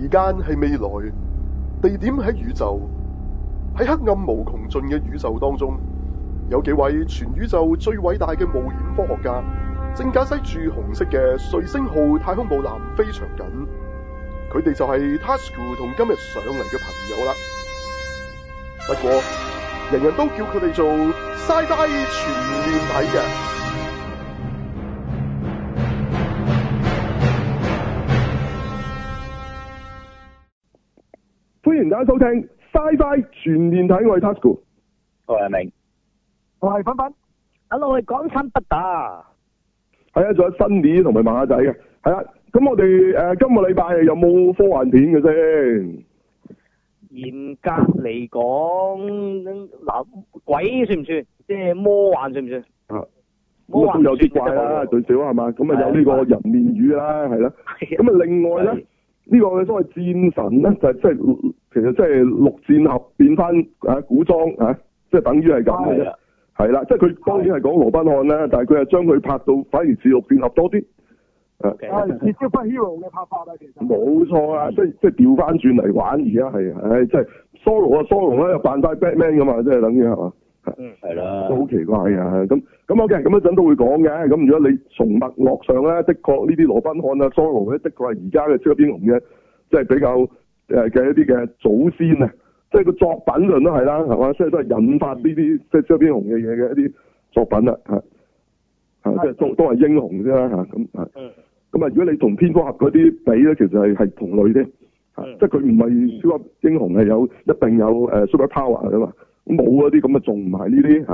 時間係未來，地點喺宇宙，喺黑暗無窮盡嘅宇宙當中，有幾位全宇宙最偉大嘅冒險科學家，正駕駛住紅色嘅瑞星號太空母艦非常緊。佢哋就係 Tasuku 同今日上嚟嘅朋友啦。不過，人人都叫佢哋做 Sci-Fi 全面睇嘅。大家收聽 Sci-Fi 全面睇，我 Tasuku，我係阿銘，是分分我係粉粉，我哋港產不打，係啊，仲有 Sunny 同埋馬仔嘅，係啦。咁我哋誒、呃，今個禮拜有冇科幻片嘅先？嚴格嚟講，嗱、呃，鬼算唔算？即係魔幻算唔算？啊，魔幻有啲怪啦，最少係嘛。咁啊，有呢個人面魚啦，係啦。咁啊，另外咧，呢、這個所謂箭神咧，就係即係。呃其實即係綠箭俠變翻啊古裝吓，即係等於係咁嘅啫，係啦、啊，即係佢當然係講羅賓漢啦，但係佢係將佢拍到反而似綠箭俠多啲，係超級英雄嘅拍法啦， 其實冇錯啊，即係即係調翻轉嚟玩而家係，即係 Solo 啊 Solo 咧又扮晒 Batman 噶、嗯、嘛，即、就、係、是、等於係嘛，係係啦，好奇怪啊，咁咁 OK，咁一陣都會講嘅，咁如果你從脈絡上咧，的確呢啲羅賓漢啊 Solo 咧，Zoro、的確係而家嘅超級英雄嘅，即、就、係、是、比較。誒嘅一啲嘅祖先啊，即係個作品上都係啦，係嘛，所以都係引發呢啲、嗯、即係超級英雄嘅嘢嘅一啲作品啦，吓吓、嗯、即係都都係英雄啫。啦吓咁咁啊，如果你同蝙蝠俠嗰啲比咧，其實係係同類啲、嗯，即係佢唔係超級英雄，係有一定有誒 super power 噶嘛，冇嗰啲咁啊，仲唔係呢啲吓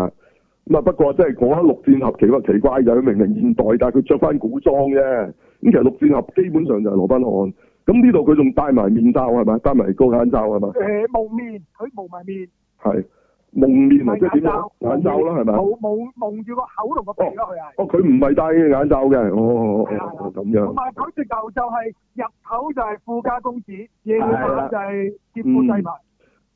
咁啊？不過即係講綠箭俠其實奇怪有明明現代，但係佢着翻古裝啫。咁其實綠箭俠基本上就係羅賓漢。咁呢度佢仲戴埋面罩係咪？戴埋個眼罩係咪？誒，蒙、呃、面，佢蒙埋面。係蒙面啊！即係點？眼罩啦，係咪？冇冇蒙住個口同個鼻咯，佢啊？哦，佢唔係戴眼罩嘅。哦哦哦哦，咁樣。同埋佢直頭就係入口就係富家公子，嘢冇就係劫富濟物。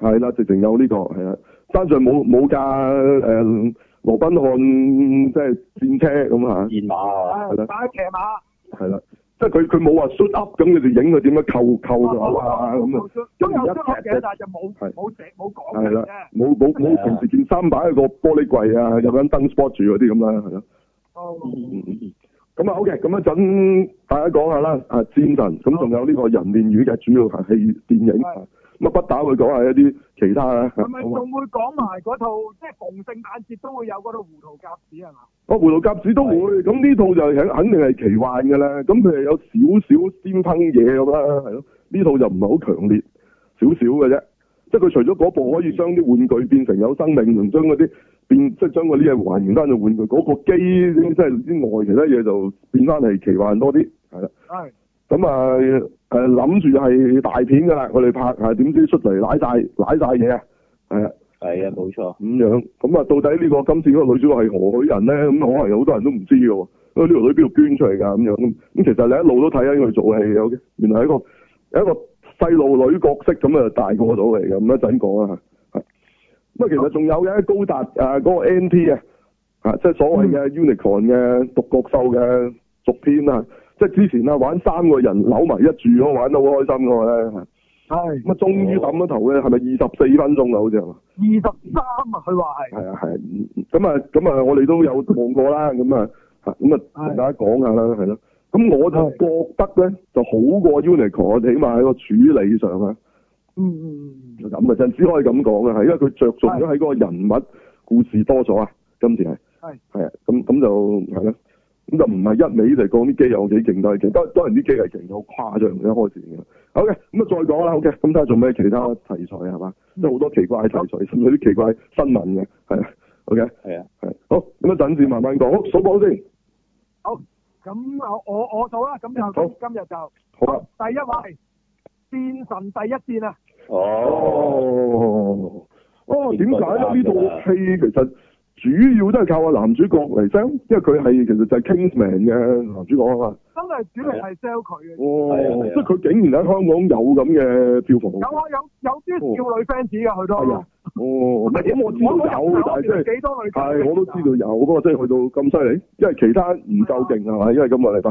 係啦、嗯，直情有呢、呢個係啦。山上冇冇架誒羅賓漢即係戰車咁、嗯、啊？戰馬啊！係啦，騎馬。係啦。即係佢佢冇話 shoot up，咁佢就影佢點樣扣扣咗啊咁啊，都有啲乜嘢，但係就冇冇冇冇講冇冇冇平時件衫擺喺個玻璃櫃啊，嗯、有間燈 spot 住嗰啲咁啦，係咯。咁啊 OK 咁一陣大家講下啦，啊箭神，咁仲、嗯、有呢個人面魚嘅主要係係電影。乜不打會講下一啲其他咧？係咪仲會講埋嗰套，即係逢聖誕節都會有嗰套胡甲子《胡桃夾子》係嘛？哦，《胡桃夾子》都會咁，呢套就係肯定係奇幻嘅啦。咁佢係有少少先烹嘢咁啦，係咯。呢套就唔係好強烈，少少嘅啫。即係佢除咗嗰部可以將啲玩具變成有生命，將嗰啲變即係將嗰啲嘢還原翻，就換嗰個機即係係之外，其他嘢就變翻係奇幻多啲，係啦。係。咁啊。誒，諗住係大片噶啦，佢哋拍，係點知出嚟瀨晒瀨晒嘢啊？係啊，係啊，冇錯，咁樣，咁啊，到底呢、這個今次嗰個女主角係何人咧？咁可能有好多人都唔知嘅。咁呢個女邊度捐出嚟噶？咁樣咁，咁其實你一路都睇緊佢做戲，有原來係一個一個細路女角色咁啊，大個到嚟嘅。咁一陣講啊，咁啊，其實仲有嘅高達嗰、那個 N T 啊，吓、嗯，即係所謂嘅 Unicorn 嘅獨角獸嘅續篇啊。即係之前玩三個人扭埋一住咯，玩到好開心噶喎咧，係。唉。咁啊，終於抌咗頭咧，係咪二十四分鐘啊？好似係嘛。二十三啊，佢話係。係啊係，咁啊咁啊，我哋都有望過啦，咁啊，咁啊，同大家講下啦，係啦，咁我就覺得咧，就好過 Unicorn，我哋起碼喺個處理上啊。嗯咁啊，陣只可以咁講啊，係因為佢着重咗喺嗰個人物故事多咗啊，今次係。係。係啊，咁咁、啊、就係咯。咁就唔係一味嚟講啲機有幾勁都係勁，當然啲機係勁，好誇張一開始嘅。好嘅，咁啊再講啦。OK，咁睇下仲咩其他題材係嘛？有好、嗯、多奇怪題材，嗯、甚至有啲奇怪新聞嘅。係、okay，啊，好係啊，好，咁啊等住慢慢講。好，數波先。好，咁啊我我數啦。咁就今，今日就。好啦、啊、第一位，箭神第一戰啊。哦。哦啊，點、哦、解呢？呢套戲其實。主要都係靠個男主角嚟 sell，因為佢係其實就係 Kingsman 嘅男主角啊嘛。真係主力係 sell 佢嘅。即係佢竟然喺香港有咁嘅票房。有啊，有有啲少，少女 fans 嘅佢都。哦、嗯。咁、嗯嗯、我知道有，但幾、就是、多女？我都知道有，不過真係去到咁犀利，因為其他唔夠勁係嘛？因為今個禮拜。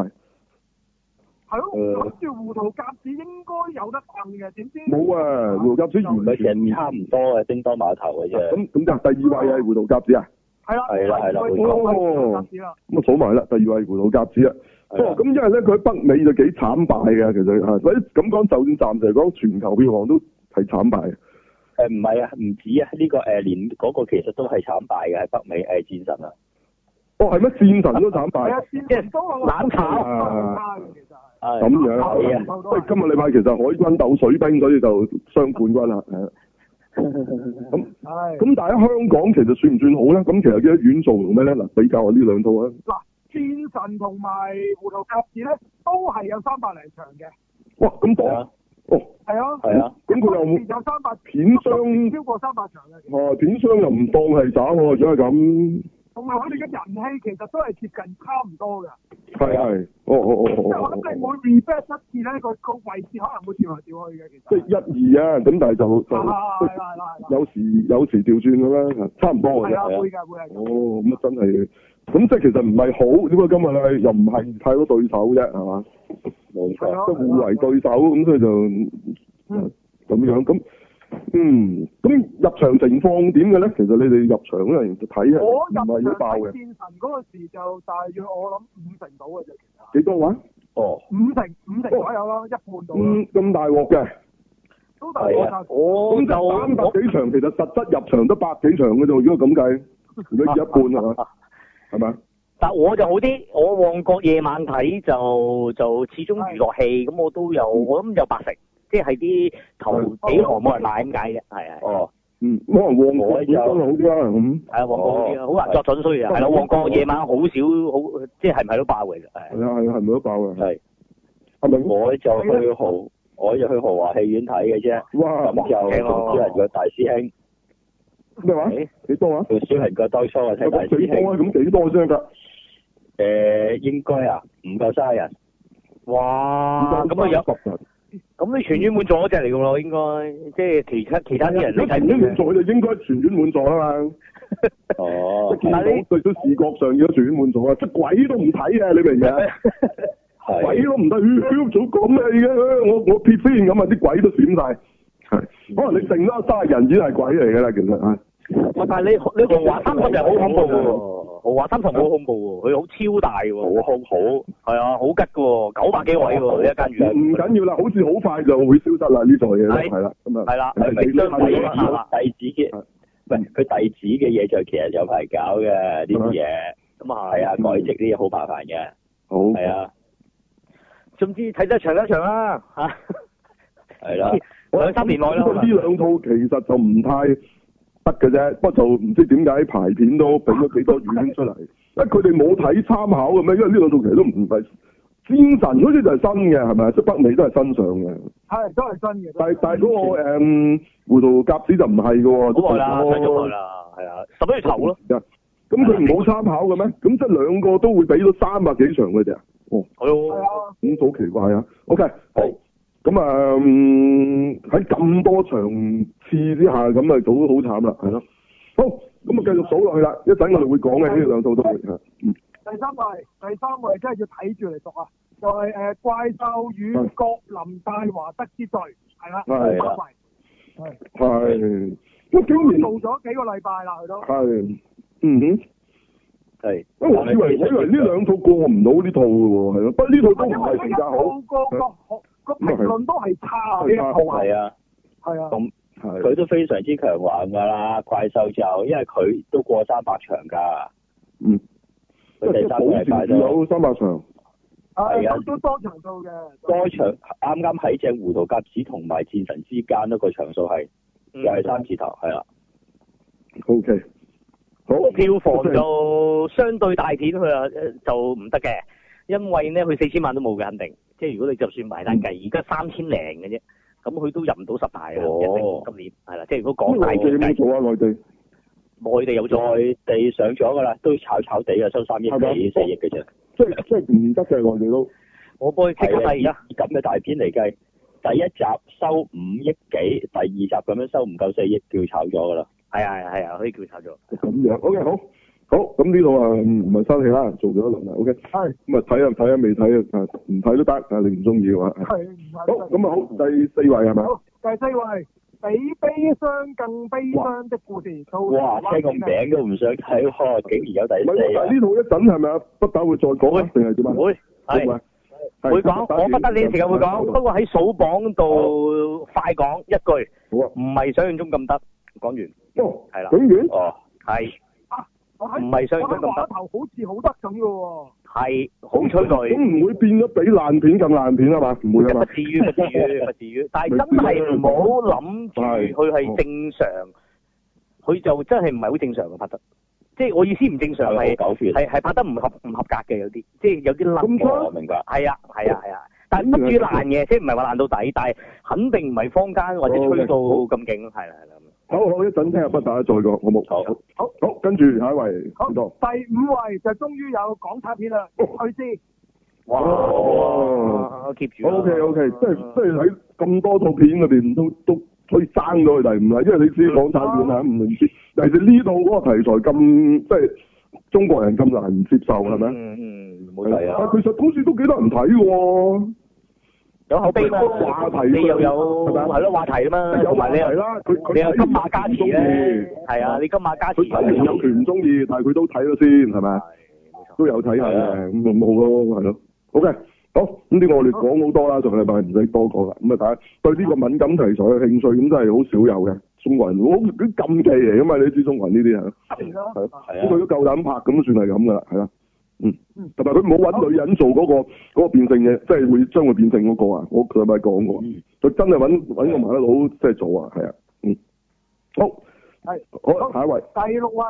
係、嗯、咯。好似胡桃夾子應該有得掙嘅，點知？冇啊！胡桃夾子完全差唔多嘅，叮、就、噹、是、碼頭嘅啫。咁咁就是第二位係胡桃夾子啊？係啦，係啦，係啦，咁啊，哦、我數埋啦，第二位胡桃夾子啦。咁、哦、因為咧，佢喺北美就幾慘敗嘅，其實所喂，咁講，就算暫時嚟講，全球票房都係慘敗。唔、呃、係啊，唔止啊，呢、呢個誒、呃、連嗰個其實都係慘敗嘅喺北美誒、呃、戰神啊。哦，係乜戰神都慘敗？係 慘戰神都啊。咁喂、就是，今日禮拜其實海軍鬥水兵，所以就雙冠軍啦。 咁、 嗯、咁、嗯嗯嗯嗯嗯、但喺香港其實算唔算好咧？咁其實啲院做咩咧？嗱，比較下呢兩套啊。嗱，箭神同埋胡桃夾子咧，都係有三百零場嘅。哇！咁多、啊、哦，係啊，咁、嗯、佢、嗯嗯嗯、又唔係有三百，片商超過三百場哦，片商又唔當係打喎，只係咁。啊同埋佢哋嘅人氣其實都係接近差唔多嘅。係係，哦哦哦即係我即係每 repeat 一次咧，個位置可能會調嚟調去嘅。即係一二啊，咁但係就就有時有時,有時調轉咁啦，差唔多嘅啫。係會㗎會哦，咁啊真係，咁即係其實唔係好，點解今日係又唔係太多對手啫，係嘛？冇錯，即係互為對手，咁所以就就咁、嗯、樣咁。嗯，咁入場情況點嘅咧？其實你哋入場嗰陣睇啊，唔係要爆嘅。我入箭神嗰個時就大約我諗五成到嘅啫。幾多話、啊？哦，五成五成左右啦，哦，一半到。嗯，咁大鑊嘅。都大鑊、啊，我咁就三百幾場，其實實質入場都百幾場嘅啫。如果咁計，約一半啊，嘛？係嘛？但我就好啲，我旺角夜晚睇就就始終娛樂戲，咁我都有，我諗有八成。即係啲頭幾何冇人攋解嘅，係啊。哦，嗯，冇人旺我影都好啲啦咁。係啊，旺角好難作準，雖然係啦，旺角夜晚好少好，即係係咪都爆嘅，係。係啊係啊，係唔係都爆嘅係。我就去豪，我就去豪華戲院睇嘅啫。哇！咁就少人嘅大師兄。咩話？幾多啊？小人嘅當初嘅大師兄。幾多啊？咁幾多張噶？誒、呃，應該啊，唔夠三人。哇！咁啊有。咁你全院滿座嗰隻嚟噶咯，應該即係其他其他啲人你睇唔到滿座就應該全院滿座啦嘛。哦，到但到你對咗視覺上已全院滿座啊，即係鬼都唔睇啊，你明唔明嗎鬼都唔睇，做咁嘅嘢，我我撇飛咁啊，啲鬼都閃晒。的可能你剩班三人已經係鬼嚟噶啦，其實啊。但係你你同話啊，三個好恐怖噶喎。我話三堂好恐怖喎，佢，啊，好超大嘅喎，好空好係啊，好吉嘅喎，九百幾位喎，啊，一間院唔緊要啦，好似好快就會消失啦，呢座嘢係啦，係啦，佢咪將啲嘢交弟子，嘅，啊，係佢弟子嘅嘢就其實就有排搞嘅呢啲嘢，咁啊係啊，外籍啲嘢好麻煩嘅，好係啊，總之睇得長一長，啊， 對啦，吓係啦，兩三年內啦，呢兩套其實就唔太。得嘅啫，不過就唔知點解排片都俾咗幾多預警出嚟？啊，佢哋冇睇參考嘅咩？因為呢兩套其實都唔係。箭神好似就係新嘅，係咪？出北美都係新上嘅。係都係新嘅。但但係嗰、嗰個胡桃夾子就唔係嘅喎。出咗啦，出咗啦，係啊，十一月頭咯。咁佢唔冇參考嘅咩？咁即係兩個都會俾咗三百幾場佢哋啊。哦。係啊，咁好奇怪啊！OK，好。咁啊喺咁多場次之下，咁咪數得好慘啦，係咯。好，咁啊繼續數落去啦，一陣我哋會講嘅呢兩套都會。第三位，第三位真係要睇住嚟讀啊，就係、是、誒、呃、怪獸與葛林戴華德之罪係啦，第三位，係。係。我竟然做咗幾個禮拜啦，佢都。係。嗯哼。係。嗯、我以為以為呢兩套過唔到呢套嘅喎，係咯，不過呢套都唔係更加好。評、那、論、個、都係差嘅，係啊，係啊，咁、嗯、佢、啊啊、都非常之強橫噶啦。怪獸就因為佢都過三百場噶，嗯，佢第三季都三百場，係啊都，都多場數嘅。多場啱啱喺隻胡桃夾子同埋戰神之間，一個場數係又係三字頭，係啦、啊。O、okay, K，好，票房就相對大片佢啊就唔得嘅。因為咧，佢四千萬都冇嘅，肯定。即係如果你就算埋單計，嗯、3, 而家三千零嘅啫，咁佢都入唔到十大啊。哦。一定今年係啦，即係如果講大咗計，而家內地有有、啊、內地又再地上咗噶啦，都要炒炒地啊，收三億幾四億嘅啫。即係即係唔得嘅，我、嗯、哋都。我背。睇下第二。咁嘅大片嚟計，第一集收五億幾，第二集咁樣收唔夠四億，叫炒咗噶啦。係啊係啊係啊，可以叫炒咗。咁樣，O、okay, K 好。好，咁呢度啊唔係生氣啦，做咗一輪啦，OK。係，咁啊睇啊睇啊未睇啊，唔睇都得，啊你唔中意嘅話。係，唔睇。好，咁啊好，第四位係咪？好，第四位比悲傷更悲傷的故事。哇，聽個名都唔想睇，哇，竟然有第四。我呢度一陣係咪啊？不打會再講啊，定係點啊？會係，會講，我不打你時間會講，不過喺數榜度快講一句，唔係想象中咁得，講完。哦。係啦。竟然。哦，係。唔係相對咁得，我個頭好似好得咁嘅喎。係，好出類。咁唔會變咗比爛片更爛片啊嘛？唔會啊嘛。至於不至於，但係真係唔好諗住佢係正常，佢就真係唔係好正常嘅拍得。即係、就是、我意思唔正常係係拍得唔合唔合格嘅有啲，即、就、係、是、有啲甩。明白。係啊係啊係、哦、啊，啊，但係呢啲爛嘢，即係唔係話爛到底，但係肯定唔係坊間或者吹到咁勁。係啦係啦。好好，好一陣聽下不打再講好冇？好，好好跟住下一位。好唔錯。第五位就終於有港產片啦，去、哦、師。哇！我 keep 住，O K O K，即係，即係，喺咁多套片裏邊都都可以爭到嘅題，唔係因為你知港產片係唔唔接，但、嗯、係你呢度嗰個題材咁即係中國人咁難接受係咪啊？嗯嗯，冇錯啊。但係其實好似都幾多人睇喎。有口碑嘛？你又有係咯話題啦嘛，有埋你又你又金馬加持咧，係啊，你金馬加持有權唔中意，但係佢都睇咗先係咪？都有睇下嘅咁咪冇咯係咯。OK，好呢個我哋講好多啦，就有禮拜唔使多講啦。咁啊，不大家對呢個敏感題材嘅興趣咁都係好少有嘅中國人，好啲禁忌嚟噶嘛？你知中國人呢啲係，係啊，咁佢都夠膽拍，咁算係咁噶啦，係啦。嗯，嗯，同埋佢冇揾女人做嗰、那個嗰、那個變性嘅，即、就、係、是、會將會變性嗰個啊，我上咪講過、啊，佢、嗯、真係揾揾個麻甩佬即係做啊，係啊，嗯，好，係，好，下一位，第六位，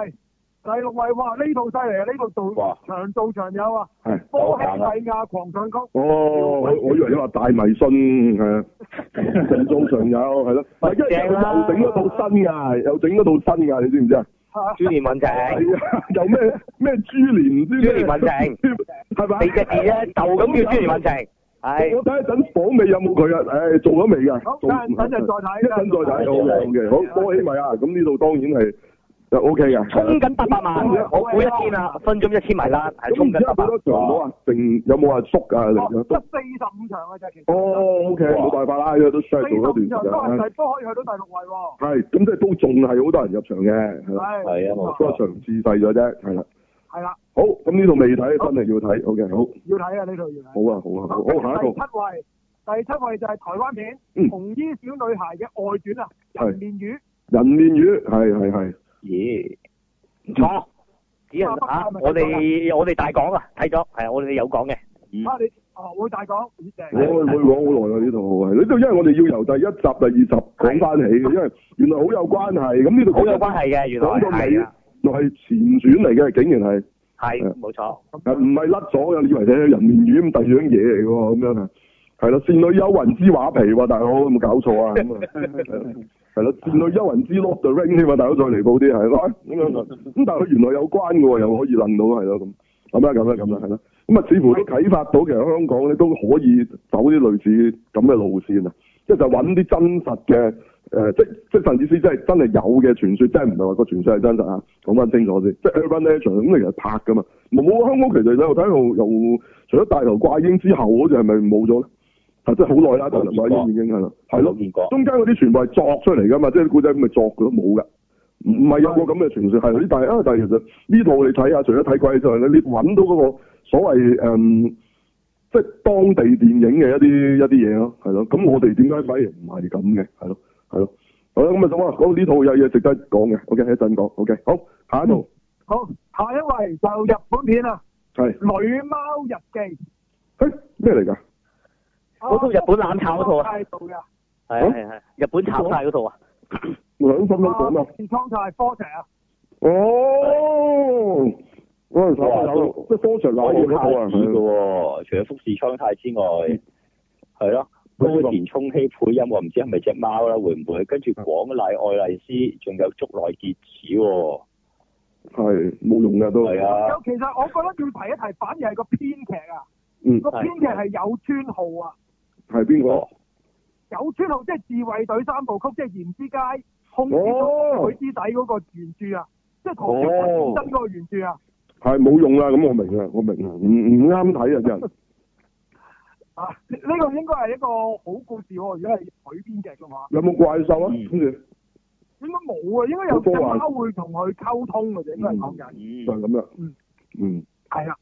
第六位，哇，呢套犀利啊，呢套長做長有啊，係、哎，波黑西亞狂上攻，哦我，我以為你話大迷信，係啊，長做長有，係咯、啊，但因為佢又整得套新噶， 又整得套新噶， 你知唔知啊？豬 年運程， 有咩咩豬年豬年運程，係咪？你嘅字咧？就咁叫豬年運程。係我睇一陣，寶美有冇佢啊？誒、 哎，做咗未噶？一等陣再睇一陣再睇，好嘅，嘅。好，多喜咪啊！咁呢度當然係。就 O K 噶，衝緊八百萬，每、哦、一天、嗯嗯、啊，分鐘一千米啦，係衝緊八百萬。哦、場冇話剩，有冇話縮啊？得四十五場啊，真哦，O K，冇辦法啦，因、哦、為都 share 咗一段咁都可以去到第六位喎。係、啊，咁即係都仲係好多人入場嘅，係啦，係啊，都係場次細咗啫，係啦。係啦，好，咁呢度未睇，真、哦、係要睇、哦、，OK，好。要睇啊，呢度要睇。好啊，好啊，好，下一個。第七位，第七位就係台灣片、嗯《紅衣小女孩》嘅外傳啊，《人面魚》。人面魚，係係係。咦、嗯，唔錯，幾人我哋我哋大講啊，睇咗係啊，啊啊我哋有講嘅、嗯。啊，你哦，我大講，我我講好耐啦，呢套係，你都因為我哋要由第一集、第二集講翻起嘅，因為原來好有關係，咁呢度好有關係嘅，原來係啊，又係前傳嚟嘅，竟然係係，冇錯，唔係甩咗啊！你以為咧人面魚咁第二樣嘢嚟嘅喎，咁樣啊，係啦，倩女幽魂之畫皮喎，大佬有冇搞錯啊？ 係咯，原來幽魂之鑊就 ring 添啊！希望大佬再離譜啲係咯，咁、哎嗯嗯、但係佢原來有關嘅喎，又可以諗到係咯咁。咁啦，咁啦，咁啦，係咯。咁啊、嗯嗯嗯嗯嗯嗯嗯，似乎都啟發到其實香港咧都可以走啲類似咁嘅路線啊。即係就揾啲真實嘅誒、呃，即即係意思即係真係有嘅傳說，即係唔係話個傳說係真實啊？講翻清楚先，即係 urban legend 咁，其實拍嘅嘛。冇香港其實你睇到又除咗大頭怪嬰之後好似係咪冇咗咧？即係好耐啦，都係嘛，啲電影係咯，係咯，中間嗰啲全部係作出嚟噶嘛，即係古仔咁咪作佢都冇噶，唔係有個咁嘅傳說係，但係啊，但係其實呢套你睇下，除咗睇鬼之外咧，你搵到嗰個所謂誒，即係當地電影嘅一啲一啲嘢咯，係咯，咁我哋點解反而唔係咁嘅，係咯，係咯，好啦，咁啊，咁呢套有嘢值得講嘅，OK，一陣講，OK，好，下一套，好，下一位就日本片啊，係，女貓日記，誒，咩嚟噶？嗰套日本冷炒嗰套啊，係系系，日本炒晒嗰套啊。兩套都冇窗太方啊。哦，陣時即係方人去除咗福士蒼汰之外，係、嗯、咯。嗰個田充希配音我唔知係咪隻貓啦，會唔會跟住廣瀨愛麗絲仲有竹內結子？係、嗯、冇用的都啊都係、嗯、啊。其實我覺得要提一提，反而係個編劇啊。嗯。個編劇係有專號啊。係邊個？有川浩即係自衛隊三部曲，即係鹽之街，哦、空之都、海之底嗰個原著啊、哦，即係唐橋真嗰個原著啊。係冇用啦，咁我明啊，我明啊，唔唔啱睇啊，真。啊，呢個應該係一個好故事喎、啊，如果係改編劇嘅話。有冇怪獸啊？跟住、嗯。應該冇啊，應該有隻會同佢溝通嘅，應該係咁解。就係、是、咁樣。嗯。嗯。係啊。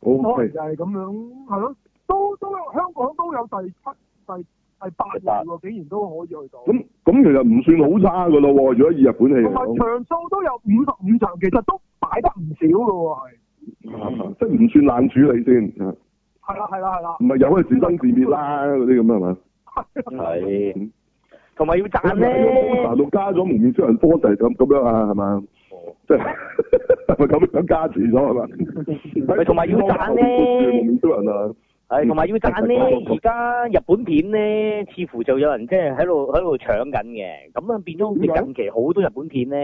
好、okay. 就係咁樣，係咯、啊。都都有香港都有第七、第係八場喎，竟然都可以去到。咁咁其實唔算好差噶咯喎，如果以日本嚟講，場數都有五十五場，其實都擺得唔少噶喎、嗯，即係唔算冷處理先。係啦、啊，係啦、啊，係啦、啊。唔係有咩自生自滅啦？嗰啲咁係嘛？係。同埋、嗯、要賺咧。賺到加咗蒙面超人波就係咁咁樣啊，係嘛？哦。即係咪咁樣加字咗係嘛？咪同埋要賺咧。多多面超人啊。同、嗯、埋要揀呢，而家日本片呢，似乎就有人即係喺度喺度搶緊嘅。咁啊，變咗好似近期好多日本片呢，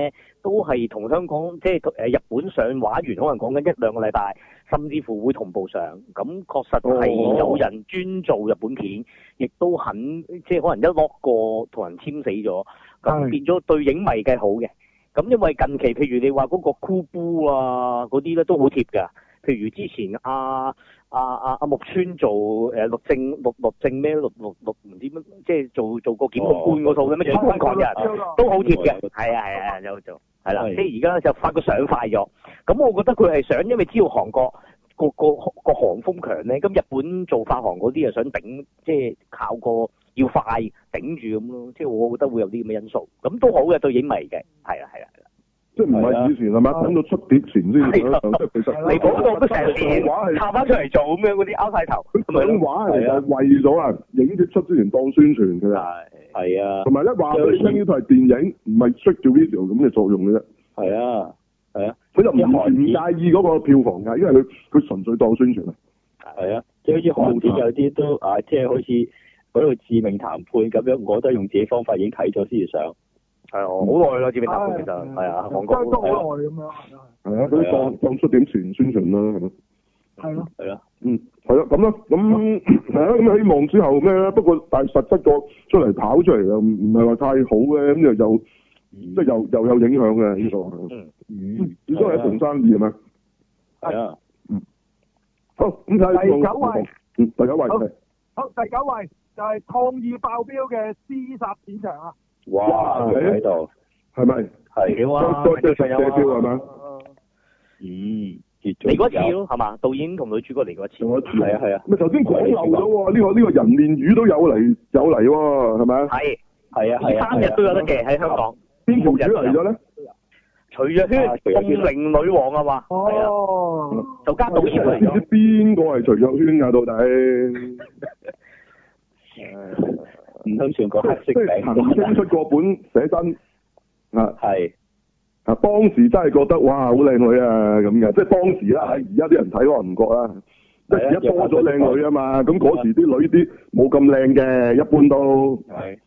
都係同香港即係、就是、日本上畫完，可能講緊一兩個禮拜，甚至乎會同步上。咁確實係有人專做日本片，亦、哦、都肯即係可能一落過，同人簽死咗。咁變咗對影迷嘅好嘅。咁因為近期譬如你話嗰個酷咕啊嗰啲呢都好貼㗎。譬如之前啊。阿、啊、木、啊、村做誒、啊、律政咩？律律唔知咩？即、就、係、是、做個檢控官嗰套嘅咩檢控狂人，都好貼嘅，係啊係啊，又、啊、做，係啦。即係而家就發個相快咗，咁我覺得佢係想，因為知道韓國，道韓國、嗰個個、嗰個韓風強呢。咁日本做發行嗰啲又想頂，即、就、係、是、靠個要快頂住咁咯。即係我覺得會有啲咁嘅因素，咁都好嘅對影迷嘅，係啊係啊。即唔係以前係咪？係啊、係咪等到出碟前先上、啊啊，即係其實你講到都成年畫係探翻出嚟做咁樣嗰啲，拗晒頭。佢唔係啲畫嚟㗎，為咗影啲出之前當宣傳㗎啦。係啊，同埋咧話佢將呢台電影唔係出條 video 咁嘅作用㗎啫。係啊，係啊，佢就唔唔介意嗰個票房㗎，因為佢佢純粹當宣傳係啊。係、哦、啊，即好似好似有啲都啊，即、就係、好似嗰個致命談判咁樣，我都用自己方法已經睇咗先至上。係啊，好耐啦，知唔知？其實係啊，香港都好耐咁樣。係啊，佢放放出點全宣傳啦，係咯。係咯，嗯，係咯，咁啦咁啊，咁、嗯、希望之後咩咧？不過但係實質個出嚟跑出嚟又唔係話太好嘅，咁又、嗯、就又即係又又有影響嘅呢個。嗯，然之係同生意係咪？係啊，嗯。好，咁第九位，嗯，第九位好，第九位就係、是、抗議爆表嘅廝殺戰場啊！哇！佢喺度，係咪？係。幾、啊、多？啊！唔少朋友啊，係咪啊？結束。嚟過一次咯，係嘛？導演同女主角嚟過一次，係啊係啊。咪頭先講漏咗喎，呢個呢個人面魚都有嚟，有嚟喎，係咪啊？係，係啊，三日都有得嘅喺香港。邊條女嚟咗咧？徐若瑄，鳳鳴女王啊嘛。哦、啊啊。就加導演嚟。唔知邊個係徐若瑄啊？到底？唔通全個黑色嘅，行、就是、出個本寫真 啊，係啊，當時真係覺得嘩，好靚女啊咁嘅，即係當時啦，喺而家啲人睇我唔覺啦，即係而家多咗靚女啊嘛，咁嗰時啲女啲冇咁靚嘅，一般都，係，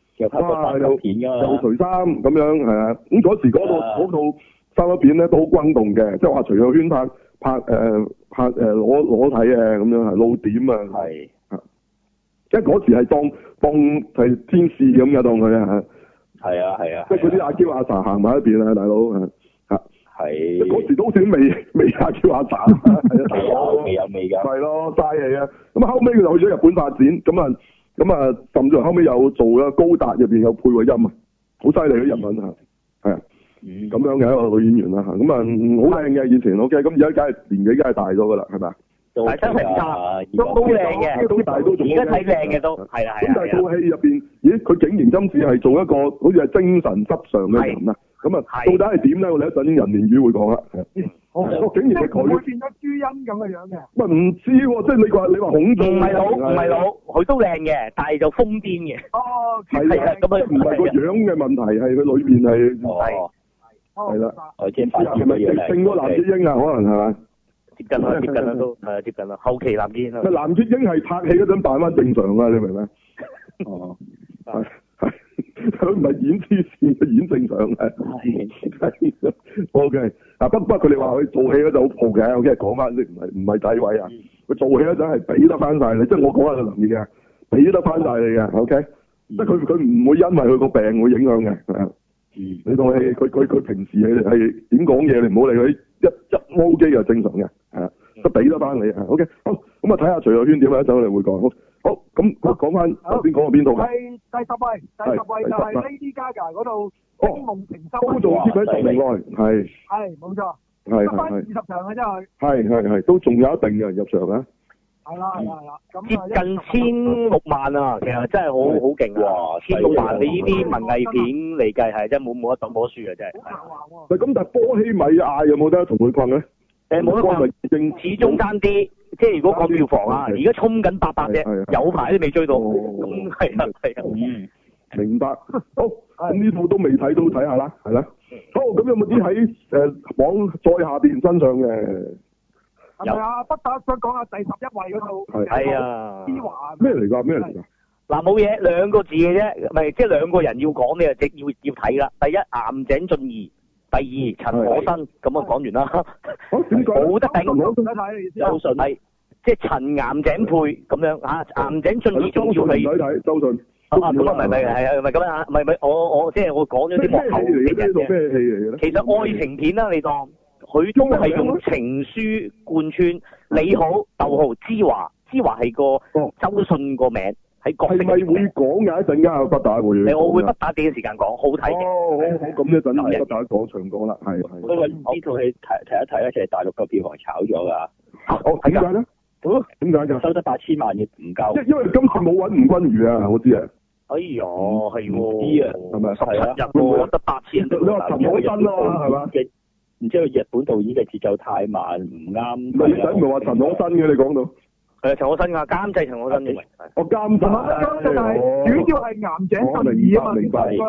哇又片噶，又除衫咁樣係啊，咁嗰時嗰套嗰套三級片呢都好轟動嘅，即係話除咗圈拍拍誒拍誒攞攞睇啊咁樣係露點啊。即係嗰時係當當係天使咁嘅當佢啊，係啊，係啊，即係嗰啲阿嬌阿 sa 行埋一邊啊，大佬啊，吓，係嗰時都算未未阿嬌阿 sa，係咯未有未噶係咯嘥氣啊！咁啊後尾佢就去咗日本發展，咁啊咁啊冚住，後尾又做啦高達入邊有配個音啊，好犀利嘅日文啊，係啊，咁樣嘅一個女演員啦吓，咁啊好靚嘅以前，ok，咁而家梗係年紀梗係大咗噶啦，係咪啊？大真係唔都好靚嘅，啲大都仲而家睇靚嘅都係啦，係啦。咁但係套戲入邊，咦？佢竟然今次係做一個好似係精神失常嘅人啊！咁啊，到底係點咧？我哋一陣人面魚會講啦。我竟然係佢變咗朱茵咁嘅樣嘅。唔唔知喎，即係你話你話，唔係老唔係老，佢都靚嘅，但係就瘋癲嘅。哦，係啊，咁係唔係個樣嘅問題，係佢裏面係哦，係啦，我先發資料係咪直個藍潔瑛啊？可能係嘛？就是說近啦，接近啦，都係啊，接近啦。後期藍潔瑛啊，藍潔瑛係拍戲嗰陣扮翻正常啊，你明唔明？ 哦，係佢唔係演黐線，佢演正常嘅。係係，O K。不過佢哋話佢做戲嗰陣好暴嘅，O K。講翻先，唔係唔係詆毀啊。佢做戲嗰陣係俾得翻晒你，即、嗯就是、我講下佢藍潔啊，俾得翻晒你嘅。O、okay? K、嗯。即佢佢唔會因為佢個病會影響嘅、嗯。你講佢佢佢平時係係點講嘢，你唔好理佢。一一踎機就正常嘅，啊都俾得翻你啊，OK，好咁啊，睇下徐右圈點啊，走。你會講，好，好咁講翻，後邊講、啊、到邊度？第十位，第十位就係 Lady Gaga 嗰度，夢情十，都仲輸鬼咁耐，係係冇錯，得翻二十場嘅啫，係係係都仲有一定嘅人入場啊。係啦，係啦，接近千六萬啊，其實真係好好勁喎，千六萬你呢啲文藝片嚟計係真冇冇得抌棵樹啊真係。但咁，但係波希米亞有冇得同佢拼咧？誒，冇得拼。個排名始終爭啲，即係如果講票房啊，而家衝緊八百啫，有排都未追到，咁係啊，係啊，嗯，明白。好，咁呢套都未睇到，睇下啦，係啦。好，咁有冇啲喺誒往再下邊身上嘅？有是是啊，不打想講下第十一位嗰套係啊，呢啲話咩嚟噶咩嚟噶？嗱冇嘢，兩、啊、個字嘅啫，咪即係兩個人要講咩，即係要要睇啦。第一岩井俊二，第二陳可辛，咁啊講完啦。好點解冇得頂周迅係即係陳岩井配咁樣啊？岩井俊二是是是是、啊、仲，仲，仲要你、就是，周迅，睇周迅。啊啊唔係唔係係啊唔係咁樣啊？唔係唔係我我即係我講咗啲幕後其實，其實愛情片啦，你當？佢都係用情書貫穿，你好，逗號，之華，之華係個周迅個名喺、哦、角色。係咪會講嘅一陣間有不打會？你我會不打幾嘅時間講，好睇嘅、哦哦。好好，咁一陣間不打講長講啦，係係。呢套戲睇睇一睇咧，其實大陸個票房炒咗噶。我睇下解好！點解就收得八千萬嘅唔夠？因因為今次冇搵吳君如啊，我知啊。哎呀，係唔知啊，係咪十日？得八千萬，你話尋好真啊係嘛？唔知道日本導演嘅節奏太慢，唔啱。女仔唔係話陳可辛嘅，你講到，係陳可辛噶監製，陳可辛嘅。我監製啊，監製，主要係岩井俊二啊嘛。明白，明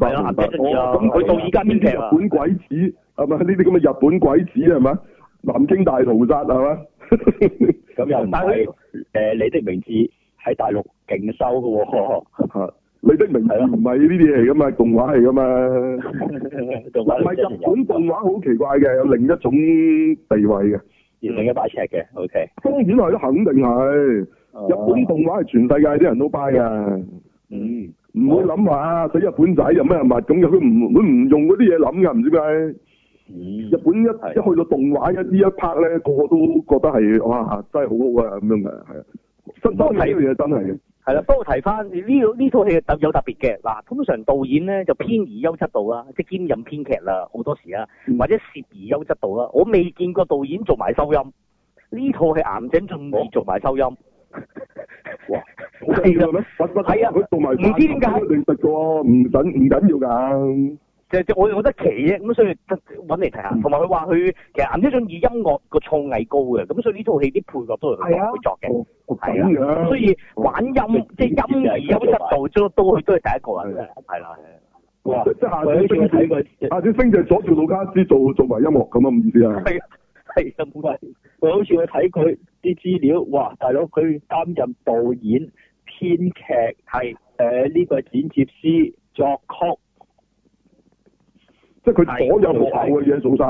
白，明白。咁佢、哦、導演跟劇啊。日本鬼子係咪？呢啲咁嘅日本鬼子係咪？南京大屠殺係咪？咁又唔係。誒， 你的名字喺大陸勁收噶喎。哦呵呵你得明唔係呢啲嘢嚟噶嘛，動畫嚟噶嘛，唔 係日本動畫好奇怪嘅，有另一種地位嘅，係另一把尺嘅，O K。當然係都肯定係、啊。日本動畫係全世界啲人都拜㗎。嗯，唔、嗯、會諗話佢日本仔有咩物咁，佢唔佢唔用嗰啲嘢諗㗎。唔知點解、嗯。日本一一去到動畫一呢一 part 咧，個個都覺得係哇，真係好好啊咁樣嘅，係、嗯、啊，真係呢樣嘢，真、嗯、係係啦，不過提翻呢套呢套戲有有特別嘅。嗱，通常導演咧就偏而優質度啦，即係兼任編劇啦，好多時啊，或者涉而優質度啦。我未見過導演做埋收音，呢套係岩井俊二做埋收音。哇，哇好 A 嘅咩？係啊，佢做埋唔知點解。唔緊要㗎。就就我覺得奇啫，咁所以揾嚟睇下。同埋佢話佢其實顏天俊以音樂個創藝高嘅，咁所以呢套戲啲配角都係佢配作嘅。咁樣、啊哦，所以玩音即係音而音質度中都佢都係第一個人。係啦，係。哇！即係下邊星睇個下邊星爺左調老家師做做埋音樂咁啊？唔知呀，啊？係啊，係啊，冇計。我好似去睇佢啲資料，哇！大佬佢擔任導演、編劇，係呢、呃呢個剪接師、作曲。即係佢所有好校嘅嘢做晒，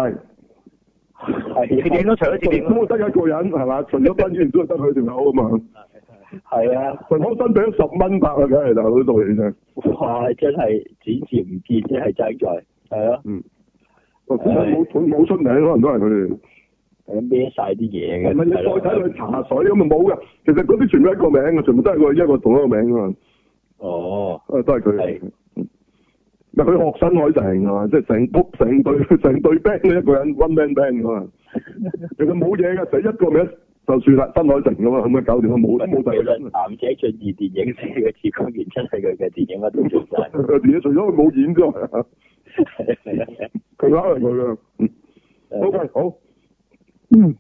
係佢點都除咗都得一個人係嘛？除咗分錢都係得佢一條口啊嘛。係 啊，順豐分俾咗十蚊八啊，梗係大佬做嘢啫。哇，真係錢字唔見真係真在，係咯，啊。嗯，順豐冇冇出名，可能都係佢。誒，孭晒啲嘢嘅。係咪你再睇佢查下水咁咪冇㗎。其實嗰啲全部一個名，全部都係一個同一,一,一個名啊。哦，都係佢。佢學新海誠啊，即係成組成對成對 band 一個人 one man band 咁啊，其實冇嘢嘅，就一個名就算啦，新海誠咁嘛，咁咪搞掂佢冇冇第二啦。男仔進二電影嘅主角原真係佢嘅電影啊，都做晒。嘢除咗佢冇演之外，佢攞嚟佢嘅。 o、okay, K 好，嗯，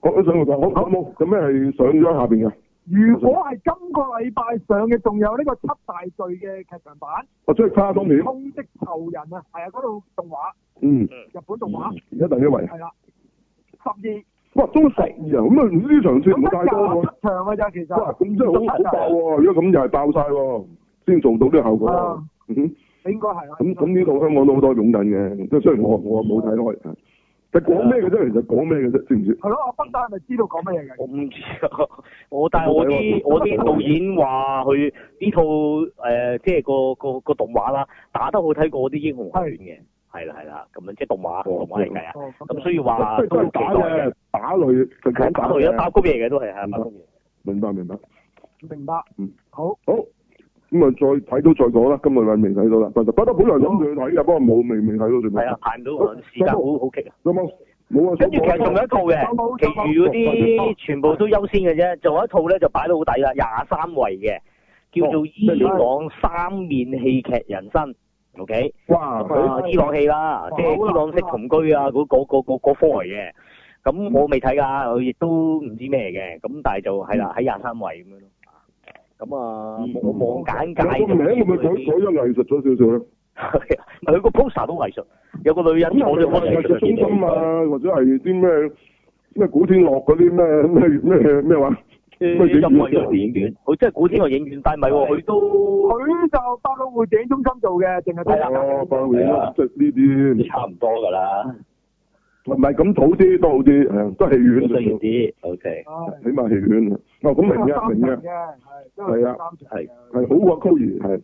講緊上我冇，咁咩係上咗下邊啊？如果係今個禮拜上嘅，仲有呢個七大罪嘅劇場版，即係卡通片，空的囚人啊，係啊，嗰套動畫，嗯，日本動畫，而家第一位係啦，十二、啊，12, 哇，中十二啊，咁啊，呢啲場次唔太多喎，場嘅咋，其實，咁真係好，好爆、啊，如果咁又係爆晒，先做到啲效果，啊、嗯哼，應該係、啊，咁咁呢套香港都好多擁躉嘅，即係雖然我我冇睇開。就講咩嘅啫，其實講咩嘅啫，知唔知？係、嗯、咯，我分擔咪知道講咩嘢嘅。我唔知啊，我但係我啲我啲導演話佢呢套誒、呃，即係個個個動畫啦，打得好睇過啲英雄傳嘅，係啦係啦，咁樣即係動畫，動畫嚟計啊，咁、哦、所以話都打嘅，就講、打類打類，打谷嘢嘅都係係咪？乜嘢。明白明白明白，明白，嗯，好。好咁啊，再睇到再講啦。今日咪未睇到啦，不得，本來諗住去睇嘅，嗯、明明不過冇，未未睇到，仲未。係啊，排唔到時間、哦到，好好奇啊。啱冇？冇啊，跟住仲有一套嘅，其餘嗰啲全部都優先嘅啫。仲、哦、有一套咧，就擺到好抵啦，廿三位嘅，叫做伊朗 E3、哦、三面戲劇人生，OK 哇。哇！就是、伊朗戲啦，即係、就是、伊朗式同居啊，嗰、那個嗰、那個科嚟嘅。咁、嗯、我未睇噶，我亦都唔知咩嘅。咁但係就係啦，喺廿三位咁樣咯。咁、嗯、啊，我望簡介個，個名會唔會改咗藝術咗少少咧？佢 個 poster 都好藝術，有個女人。因為我哋我哋藝術中心啊，或者係啲咩咩古天樂嗰啲咩咩咩咩話咩音樂電影院，佢即係古天樂影院帶咪喎，佢都佢，就百老匯電影中心做嘅，淨係都係啦，百老匯啊，即係呢啲，差唔多㗎啦。唔係咁早啲，都好啲，係都係遠啲，O K，起碼戲院，哦，咁明嘅，明嘅，係啊，係係好過 c o l l e 係。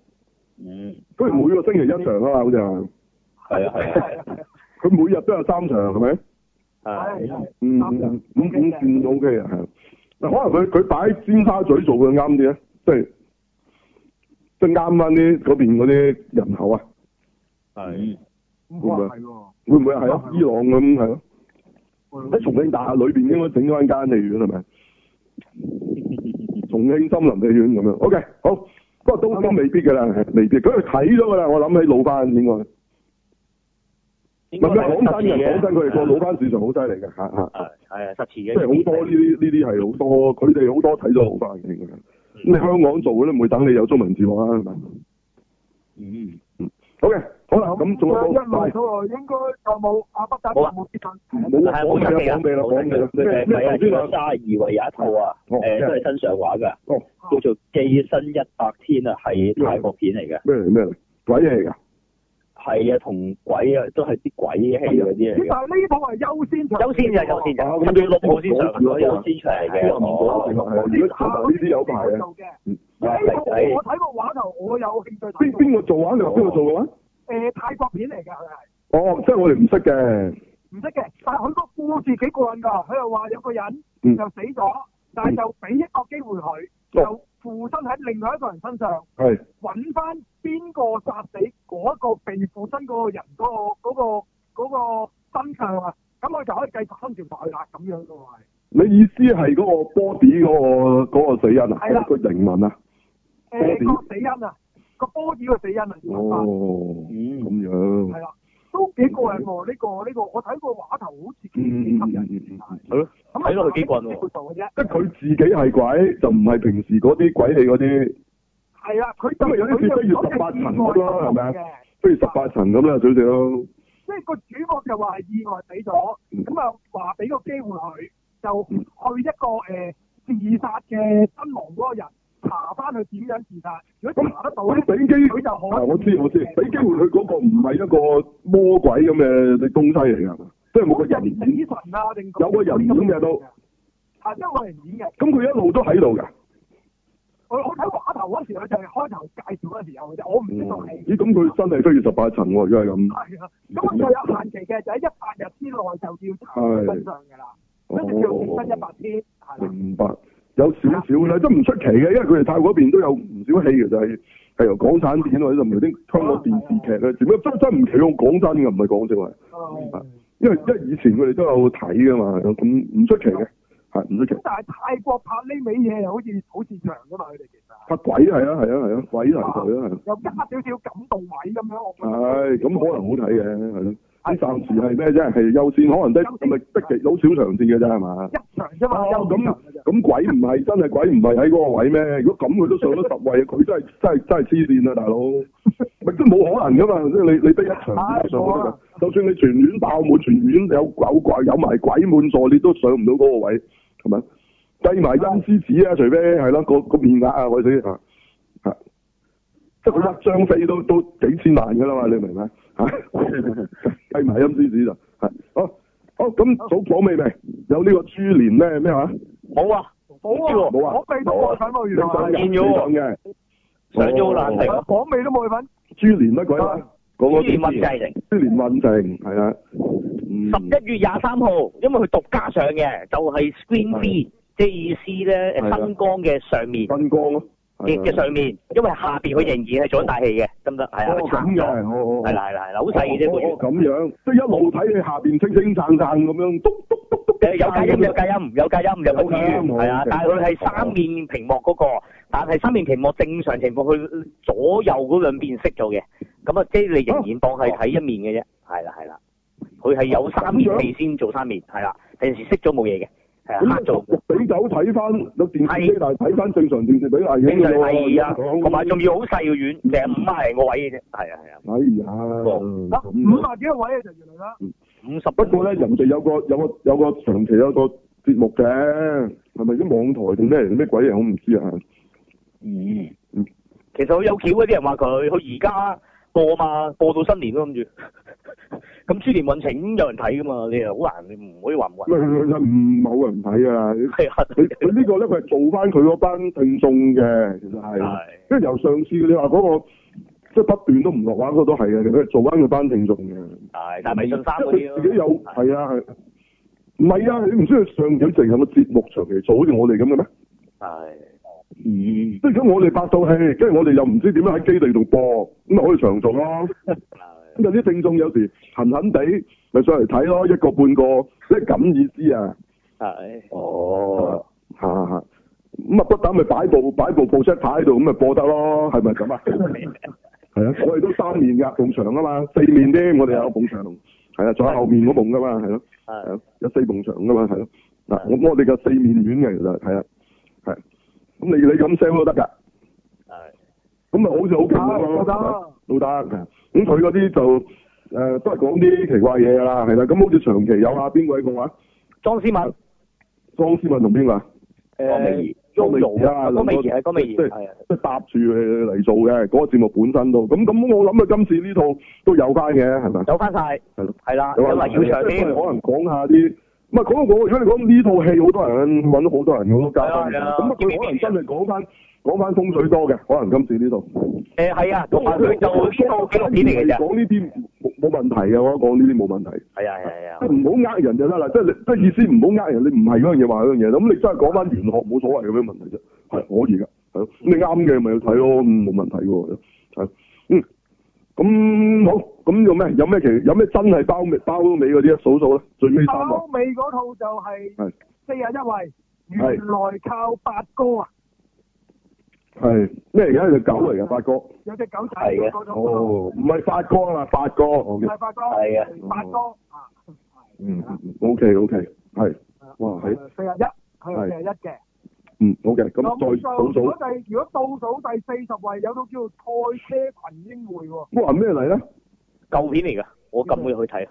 嗯，雖然每個星期一場啊嘛，好似係。係啊係啊，佢、啊 啊啊、 每日都有三場係咪？係、啊。嗯嗯，咁點算都 O K 啊？係，嗱、啊 okay，啊，可能佢佢擺尖沙咀做嘅啱啲啊，即係即係啱翻啲嗰邊嗰啲人口啊。係、啊。會唔會係喎？會唔會係咯？伊朗咁係咯？喺重慶大廈裏邊應該整翻間戲院係咪？ 重慶森林戲院咁樣。OK，好，不過都都未必噶啦，未必。佢哋睇咗噶啦，我諗起老番應該。咁啊，講真嘅，講真，佢哋個老番市場好犀利嘅，吓吓。係啊，實嘅。即係好多呢啲呢啲係好多，佢哋好多睇咗老番嘅。咁、嗯、你香港做咧，唔會等你有中文字幕啊，係咪？嗯，OK。好啦，咁仲有一埋應該有冇阿北仔冇冇啊，冇咩卅二，有一套啊。誒、哦，都係新上畫嘅。叫做《寄生一百天》啊，係泰國片嚟嘅。咩咩嚟？鬼嚟噶？係啊，同鬼啊，都係啲鬼戲啲。但係呢套係優先場，優先嘅優先場，咪、啊啊、先場嚟嘅，呢、啊、啲、哦啊、有排嘅、啊。我睇個畫頭，我有興趣邊個做邊個做嘅？啊啊啊誒、呃，泰國片嚟噶，佢係。哦，即係我哋唔識嘅。唔識嘅，但係好多故事幾過癮噶。佢又話有個人，就死咗、嗯嗯，但係就俾一個機會佢，就附身喺另外一個人身上，係、哦，揾翻邊個殺死嗰個被附身嗰、那個人，嗰、那個、那個、那個身上啊，咁佢就可以繼續生存下去啦，咁樣噶係。你意思係嗰個 body、那個，嗰、那個死、那個文啊呃呃那個死因啊？係啦，個靈魂啊。誒，死因啊。個波子個死因啊！哦，咁樣係啊，都幾過癮喎！呢、嗯這個呢、這個，我睇個畫頭好似幾、嗯、吸引。係、嗯、咯，咁睇落去幾勁喎。即係佢自己係鬼，嗯、就唔係平時嗰啲鬼氣嗰啲。係啊，佢、嗯就是、因為有啲似飛越十八層啦，係咪啊？飛越十八層咁啦，小、就、小、是。即係、那個主角就話係意外死咗，咁啊話俾個機會佢就去一個誒、嗯呃、自殺嘅身亡嗰個人。查翻去點樣事嘅，如果咁查得到咧，俾機會就好、啊。我知我知，俾機會佢嗰個唔係一個魔鬼咁嘅東西嚟嘅，即係冇個人。死神啊，定、那個、有個人演嘅都。係一個人演嘅。咁、啊、佢、啊啊啊啊啊啊、一路都喺度嘅。我我睇畫頭嗰時候，佢就係開頭介紹嘅時候我唔知道係。咦、哦？咁佢真係需要十八層喎，真係咁。係啊，咁、啊、佢、啊啊啊、有限期嘅，就喺一百日之內就要登上嘅啦。跟住一百天。係。明白。有少少咧，都唔出奇嘅，因為佢哋泰國嗰邊都有唔少戲嘅，就係、是、係由港產片或者就唔係啲香港電視劇嘅、啊啊，全，全不真不真唔奇咯。港產嘅唔係港式因為、啊、因為以前佢哋都有睇嘅嘛，咁唔出奇嘅，唔、啊、出奇。但係泰國拍呢味嘢又好似好擅長嘅嘛，佢哋其實拍鬼係啊係啊係啊鬼題材啊，啊，啊，又加少少感動位咁樣，我咁可能好睇嘅咯。咁暫時係咩啫？係優先可能得咁咪逼極好少長線嘅啫，係嘛？一場啫嘛。咁咁鬼唔係真係鬼唔係喺嗰個位咩？如果咁佢都上咗十位，佢 真係真係真係黐線啊，大佬！咪 都冇可能噶嘛？即係你你得一場都上得、啊啊，就算你全院爆滿，全院有鬼有怪有埋鬼滿座，你都上唔到嗰個位，係咪？計埋陰司紙啊，除非係咯個個面額啊嗰啲啊。即係張飛都都幾千萬噶啦嘛，你明唔明啊？計埋陰絲紙就係，好好咁，上、哦、上未未有呢個珠簾呢？咩話？冇啊，冇啊,啊,啊，我未到我啊，睇冇完啊，上咗喎，上咗好難睇啊，上味都冇去粉，珠簾乜鬼啦？珠簾運成，珠簾運成，係十一月廿三號，因為佢獨家上嘅，就係、是、Screen B，即係意思咧，新光嘅上面，新光咯、啊。嘅上面、啊，因為下邊佢仍然係做咗大戲嘅，得唔得？係啊，唔同嘅，係啦係啦係啦，好細嘅啫，佢咁樣都一路睇你下邊，清清爭爭咁樣，嘟，有隔音有隔音，有隔音有隔音，係、呃、啊，嗯、但係佢係三面屏幕嗰、那個，但係三面屏幕正常情況佢左右嗰兩邊熄咗嘅，咁啊，即係你仍然當係睇一面嘅啫，係啦係啦，佢係、啊啊啊啊、有三面你先做三面，係啦，平時熄咗冇嘢嘅。係黑做俾酒睇翻都正常，但係睇翻正常電視俾，係、哎嗯、啊，同埋仲要好細個院，成五啊零個位嘅啫，係啊係啊，哎呀，五、哦嗯、啊幾個位就原完啦，五、嗯、十。不過咧，人哋有個有個有個，有個長期有個節目嘅，係咪啲網台定咩定咩鬼嘢我唔知啊、嗯。嗯，其實好有巧嗰啲人話佢，佢而家播啊嘛，播到新年咁住。 咁豬年運程有人睇噶嘛？你又好難，你唔可以話唔運。唔係冇人睇啊，呢個咧，佢係做翻佢嗰班聽眾嘅，其實係。係。 即係 由上次你話嗰、那個，即、就、係、是、不斷都唔落畫嗰個都係啊。佢係做翻佢班聽眾嘅。係。係咪信三嗰啲、啊、自己有。係 啊。唔係啊，啊，啊！你唔需要上緊成日個節目長期做，好似我哋咁嘅咩？係。 嗯。即係咁，我哋拍到戲，跟住我哋又唔知點樣喺基地度播，咁咪可以長做咯、啊。 有啲聽眾，有時痕痕哋，咪上嚟睇咯，一個半個，即係咁意思啊。係。哦、oh.。嚇嚇。咁啊，係啊係啊嗯、不打咪擺部，擺部 projector 喺度，咁咪播得咯，係咪咁啊？係 啊。我哋都三面壓埲牆啊嘛，四面啲，我哋有埲牆。係啊，仲有、啊、後面嗰埲噶嘛，係咯、啊。有、啊啊啊、四埲牆噶嘛，係咯、啊。嗱、啊啊，我我哋嘅四面院嘅，其實係啊。咁、啊、你你咁聲都得㗎。咁咪好似好勁喎。老得。咁佢嗰啲就誒、呃、都係講啲奇怪嘢㗎啦，係啦。咁好似長期有下邊位講、啊、話？莊思敏、啊。莊思敏同邊個啊？美儀、啊。莊龍。郭美儀係美儀，即係搭住嚟做嘅嗰個節目本身都。咁咁我諗佢今次呢套都有翻嘅係咪？有翻晒，係啦。有埋小場啲。就是、可能講下啲，唔係講講如果你講呢套戲，好多人搵好多人，好多加分，咁佢可能真係講翻。講翻風水多嘅，可能今次呢度。誒、欸、係啊，佢就呢個紀錄片嚟嘅啫。講呢啲冇冇問題嘅，我講呢啲冇問題。係啊係啊，啊，啊，即係唔好呃人就得啦。即係即係意思唔好呃人，你唔係嗰樣嘢話嗰樣嘢。咁你真係講翻玄學冇、啊、所謂嘅咩問題啫？係可以噶，係、啊、你啱嘅咪要睇咯，冇問題嘅。係、啊、嗯，咁、嗯、好，咁有咩？有咩其有咩真係包尾包尾嗰啲啊？數數啦，最尾。包尾嗰套就係四十一位，原來靠八哥啊！係咩而家係隻狗嚟㗎，八哥。有隻狗仔。嘅。哦，唔係八哥啊，八哥。唔係八哥。係嘅。哥。嗯嗯 o k、嗯嗯、OK，係、okay, 呃嗯 okay, 嗯。哇，係四廿一，佢係四廿一嘅。嗯，OK，咁再倒數。如果第、就是、如果倒數第四十位有套叫做《賽車群英會》喎、哦。係咩嚟咧？舊片嚟噶，我撳入去睇。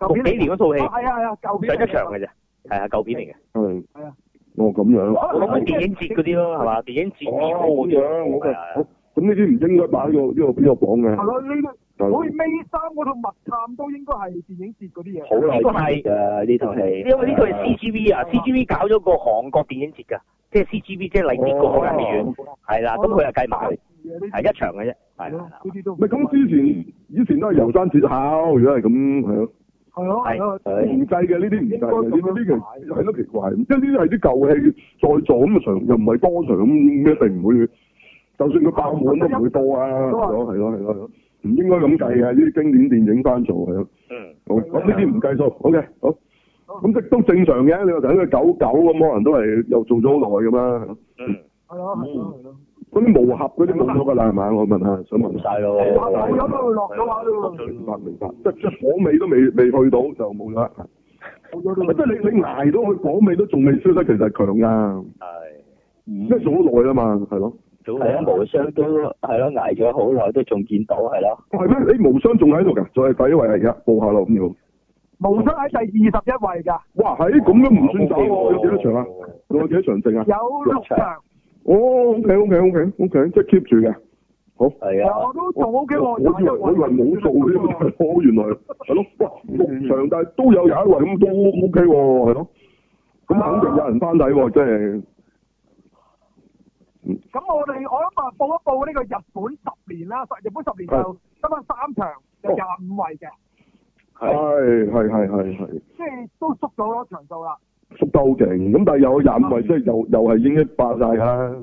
舊片。幾年嗰套戲？係啊係啊，舊片。上一場嘅啫。係啊，舊片嚟嘅。嗯。係啊。哦，咁樣，咁係電影節嗰啲咯，係、啊、嘛？電影節咁樣，咁呢啲唔應該擺呢個呢個呢個榜嘅。係咯呢個。係呢三套密探都應該係電影節嗰啲嘢。好耐之前呢套戲。因為呢套係 CGV 啊，CGV 搞咗個韓國電影節噶。即係 CGV 即係嚟邊個影院？係、啊、啦，咁佢又計埋，係一場嘅啫，係。嗰咪咁之前，以前都係游山絕考，如果係咁係咯。係咯、啊，係咯、啊，唔計嘅呢啲唔計嘅呢啲呢啲，睇都、啊、奇怪，因為呢啲係啲舊戲再做咁，又唔係多場，一定唔會，就算佢爆滿都唔會多啊，係咯係咯係咯，唔應該咁計啊。呢啲、啊啊啊啊、經典電影翻做係咯，嗯、啊啊，好，咁呢啲唔計數，OK，好，咁即都正常嘅，你話睇個九九咁，可能都係又做咗好耐噶嘛，嗯、啊，係咯、啊，係咯、啊。嗰啲無合嗰啲冇咗㗎啦，係嘛？我問下，想問曬咯。落咗落咗，明白明白，即係即係火尾都未未去到，就冇咗。即係你你挨到去火尾都仲未消失，其實強㗎。係、哎。即係做好耐啊嘛，係咯。係啊，無雙都係咯，挨咗好耐都仲見到係咯。係咩？你、欸、無雙仲喺度㗎？仲係第一位嚟㗎？報下咯咁樣。無雙喺第二十一位㗎。哇！係、欸、咁樣唔算走喎。幾多場啊？仲有幾多場剩啊？有六場。哦，OK OK OK OK，即係 keep 住嘅，好。係、哎、啊。我都做 OK 喎。我以為我以為冇做添，哦， 原來係咯，喂，長，但係都有廿一位咁都 OK 喎，係、嗯、咯。咁肯定有人翻睇喎，即、就、係、是。咁我哋我諗啊，報一報呢個日本十年啦，日本十年就今日三場就廿五位嘅。係係係係係。即係都縮咗咯，長度啦。縮得好勁，咁但係有廿五萬，所以又又係已經一百晒啦。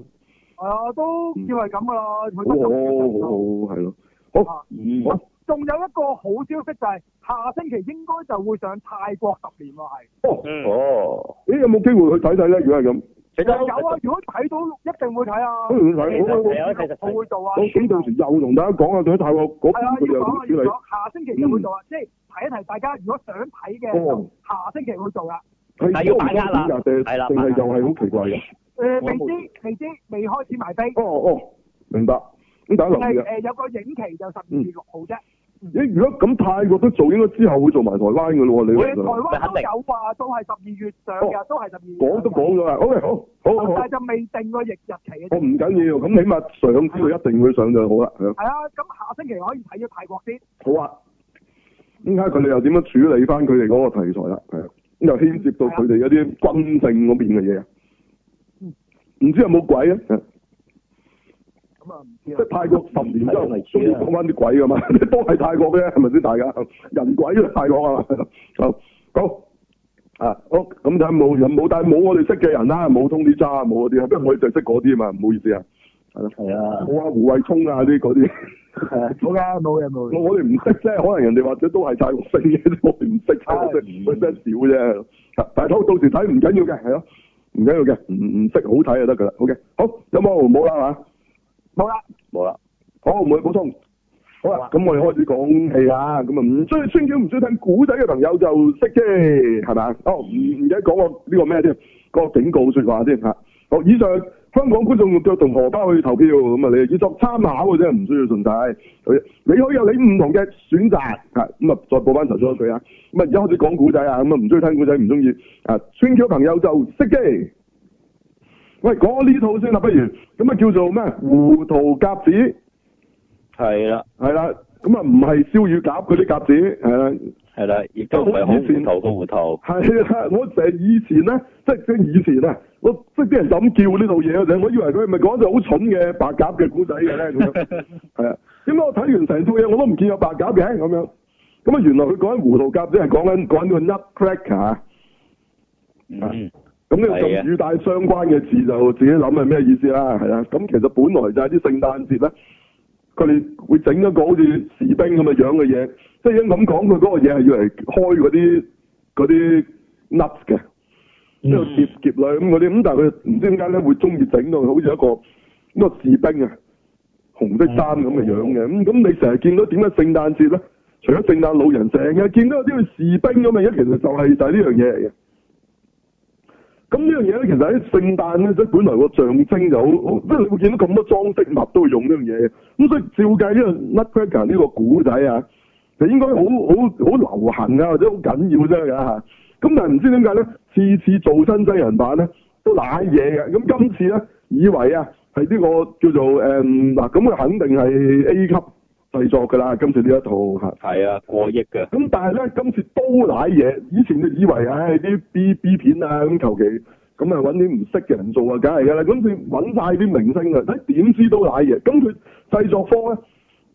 啊，都要係咁噶啦。哦，好好係咯。好，好、嗯。仲、哦嗯、有一個好消息就係、是、下星期應該就會上泰國十年喎，係、哦。嗯。哦。咦？有冇機會去睇睇咧？如果係咁，有啊。如果睇到，一定會睇啊。會我、哦、會做。啊。幾時又同大家講啊，對泰國嗰邊下星期就會做啊！嗯、即係提一提大家，如果想睇嘅，哦、下星期會做啊。係要壓啦，係啦，定係又係好奇怪嘅。誒、呃，未知未知，未開始埋低。哦哦，明白。咁但係誒，有個影期就十二月六號啫。如果咁泰國都做，應該之後會做埋台灣嘅咯？你台灣都有話都係十二月上嘅、哦，都係十二。講、那個、都講咗啦。O、OK, K，好，好，好，但係就未定個疫日期。我唔緊要，咁起碼上，知道一定會上就好啦。係啊，咁下星期可以睇咗泰國先。好啊。睇下佢哋又點樣處理翻佢哋嗰個題材啦。係。又牽涉到佢哋有啲軍政嗰邊嘅嘢啊，唔知有冇鬼啊？咁啊唔知即係泰國十年都仲要講翻啲鬼㗎嘛，嗯、都係泰國嘅係咪先大家？人鬼都泰國啊嘛。好，啊好，咁就冇人冇，但係冇我哋識嘅人啦，冇通啲渣，冇嗰啲，係咪？我哋就識嗰啲啊嘛，唔好意思啊。係啊。好啊，胡衛聰啊，呢啲嗰啲。係啊、 嗯，好噶，冇嘢，冇嘢。我哋唔識啫，可能人哋或者都係晒明星嘅，我哋唔識，我哋唔識，識得少啫。大濤到時睇唔緊要嘅，係咯，唔緊要嘅，唔唔識好睇就得噶啦。OK，好，有冇？冇啦嘛，冇啦，冇啦。好，唔會補充。好啦，咁我哋開始講戲啊。咁啊，唔需意聽小，唔需意聽古仔嘅朋友就識啫，係咪啊？哦，唔唔使講個呢個咩啫？嗰個警告說話先吓、啊。好，以上。香港觀眾就同荷包去投票咁啊，你係只作參考嘅啫，唔需要順帶。你可以有你唔同嘅選擇，係咁啊，就再報翻頭出佢啊。咁啊，而家開始講古仔啊，咁啊，唔中意聽古仔，唔中意啊。穿橋朋友就熄機。喂、啊，講呢套先啊，不如咁啊，就叫做咩？胡桃夾子。係啦，係啦，咁啊，唔係笑語夾嗰啲夾子，係啦、啊，係啦、啊，亦都唔好先淘過胡桃。係我成日以前咧、啊， 即係以前啊。我識啲人就咁叫呢套嘢，我以為佢係咪講咗好蠢嘅白鴿嘅古仔嘅咧，係 啊！點解我睇完成套嘢我都唔見有白鴿嘅？咁樣咁啊！原來佢講緊胡桃夾，即係講緊講緊個 nutcracker 咁、嗯、語帶相關嘅字就自己諗係咩意思啦？咁其實本來就係啲聖誕節咧，佢哋會整一個好似士兵咁嘅樣嘅嘢，即係咁講，佢嗰個嘢係要嚟開嗰啲嗰啲 nuts 嘅。即係劫掠咁嗰啲，咁但係佢唔知點解咧，會中意整到好似一個呢個，個士兵啊，紅色衫咁嘅樣嘅，咁、嗯、咁你成日見到點解聖誕節咧，除咗聖誕老人，成日見到有啲士兵咁嘅嘢，其實就係就係呢樣嘢嚟嘅。咁呢樣嘢咧，其實喺聖誕咧，即係本來個象徵就好，即係你會見到咁多裝飾物都會用呢樣嘢。咁所以照計呢個 Nutcracker 呢個古仔啊，就應該好好好流行啊，或者好緊要啫。咁但係唔知點解咧，次次做新真人版咧都攋嘢嘅，咁今次咧以為啊係呢個叫做誒嗱，咁、嗯、佢肯定係 A 級製作噶啦，今次呢一套係啊，過億嘅。咁但係咧，今次都攋嘢。以前就以為唉啲 B B 片啊咁求其，咁啊揾啲唔識嘅人做啊，梗係㗎啦。今次揾晒啲明星㗎，睇點知都攋嘢。咁佢製作方咧。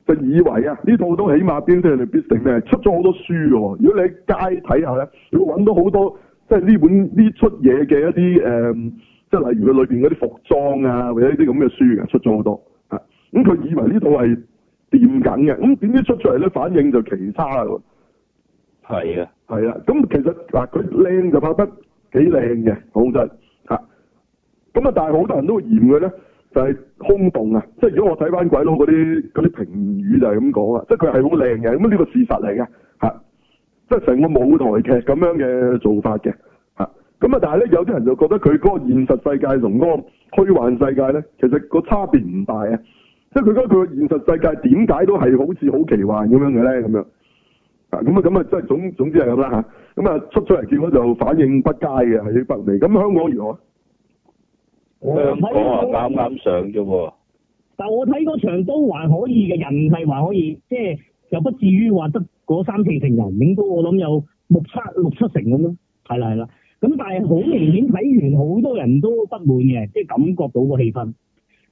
就以為啊，呢套都起碼編劇嚟必定咩，出咗好多書喎。如果你喺街睇下咧，會揾到好多即係呢本呢出嘢嘅一啲、嗯、即係例如佢裏面嗰啲服裝啊，或者呢啲咁嘅書啊，出咗好多啊。咁佢以為呢套係掂緊嘅，咁點知出出嚟咧反應就奇差喎。係啊，係啊，咁其實嗱，佢靚就拍得幾靚嘅，好真。嚇。咁啊，但係好多人都會嫌佢咧。就係空洞啊！即係如果我睇翻鬼佬嗰啲啲評語就係咁講啊！即係佢係好靚嘅，咁呢個事實嚟嘅嚇，即係成個舞台劇咁樣嘅做法嘅嚇。咁啊，但係咧有啲人就覺得佢嗰個現實世界同嗰個虛幻世界咧，其實個差別唔大啊！即係佢覺得佢個現實世界點解都係好似好奇幻咁樣嘅咧咁樣啊！咁啊咁啊，即係總總之係咁啦嚇。咁啊出出嚟結果就反應不佳嘅喺北美。咁香港如何？嗯啊、我剛剛上講話啱啱上啫喎，但我睇嗰場都還可以嘅，人係還可以，即係又不至於話得嗰三四成人影都，我諗有六七六七成咁咯，係啦係啦，咁但係好明顯睇完好多人都不滿嘅，即、就、係、是、感覺到個氣氛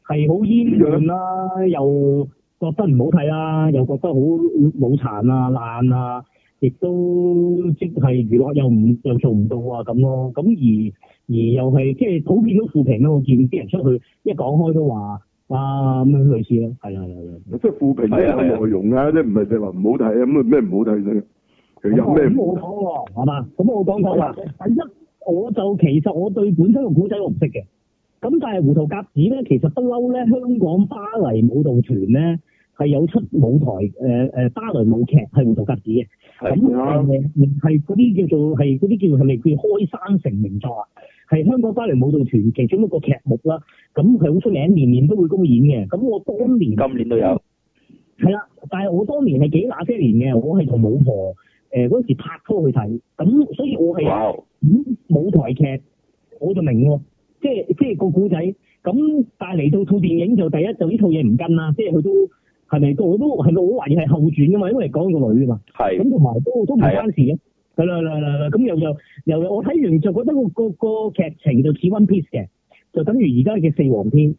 係好悶啦，又覺得唔好睇啦，又覺得好腦殘啊爛啊，亦都即係娛樂又唔又，又，又做唔到啊咁咯，咁而。而又係即係普遍都負評咯，我見啲人出去一講開都話啊咩類似咯，係啊係啊，即係負評有內容啊，即係唔係淨係話唔好睇啊咁啊咩唔好睇咁啊？有咩？咁我講喎，係嘛？咁我講咗啦。第一，我就、嗯、其實我對本身個古仔我唔識嘅。咁但係《胡桃夾子》咧，其實不嬲咧，香港芭蕾舞蹈團咧係有出舞台誒誒芭蕾舞劇係《胡桃夾子》嘅。係、嗯、啊。係嗰啲叫做係嗰啲叫係咪叫，叫開山成名作啊？係香港芭蕾舞蹈團其中一個劇目啦，咁佢好出名，年年都會公演嘅。咁我當年，今年都有，係啦，但係我當年係幾那些年嘅，我係同老婆誒嗰、呃、時拍拖去睇，咁所以我係咁、嗯、舞台劇，我就明喎。即係即係個故仔，咁但係嚟到套電影就第一就呢套嘢，唔跟啦，即係佢都係咪都都係我懷疑係後傳噶嘛，因為講個女啊嘛，係咁同埋都都唔關事。係啦啦啦啦！咁又又又又，我睇完就覺得個個個劇情就似 One Piece 嘅，就等於而家嘅四皇篇。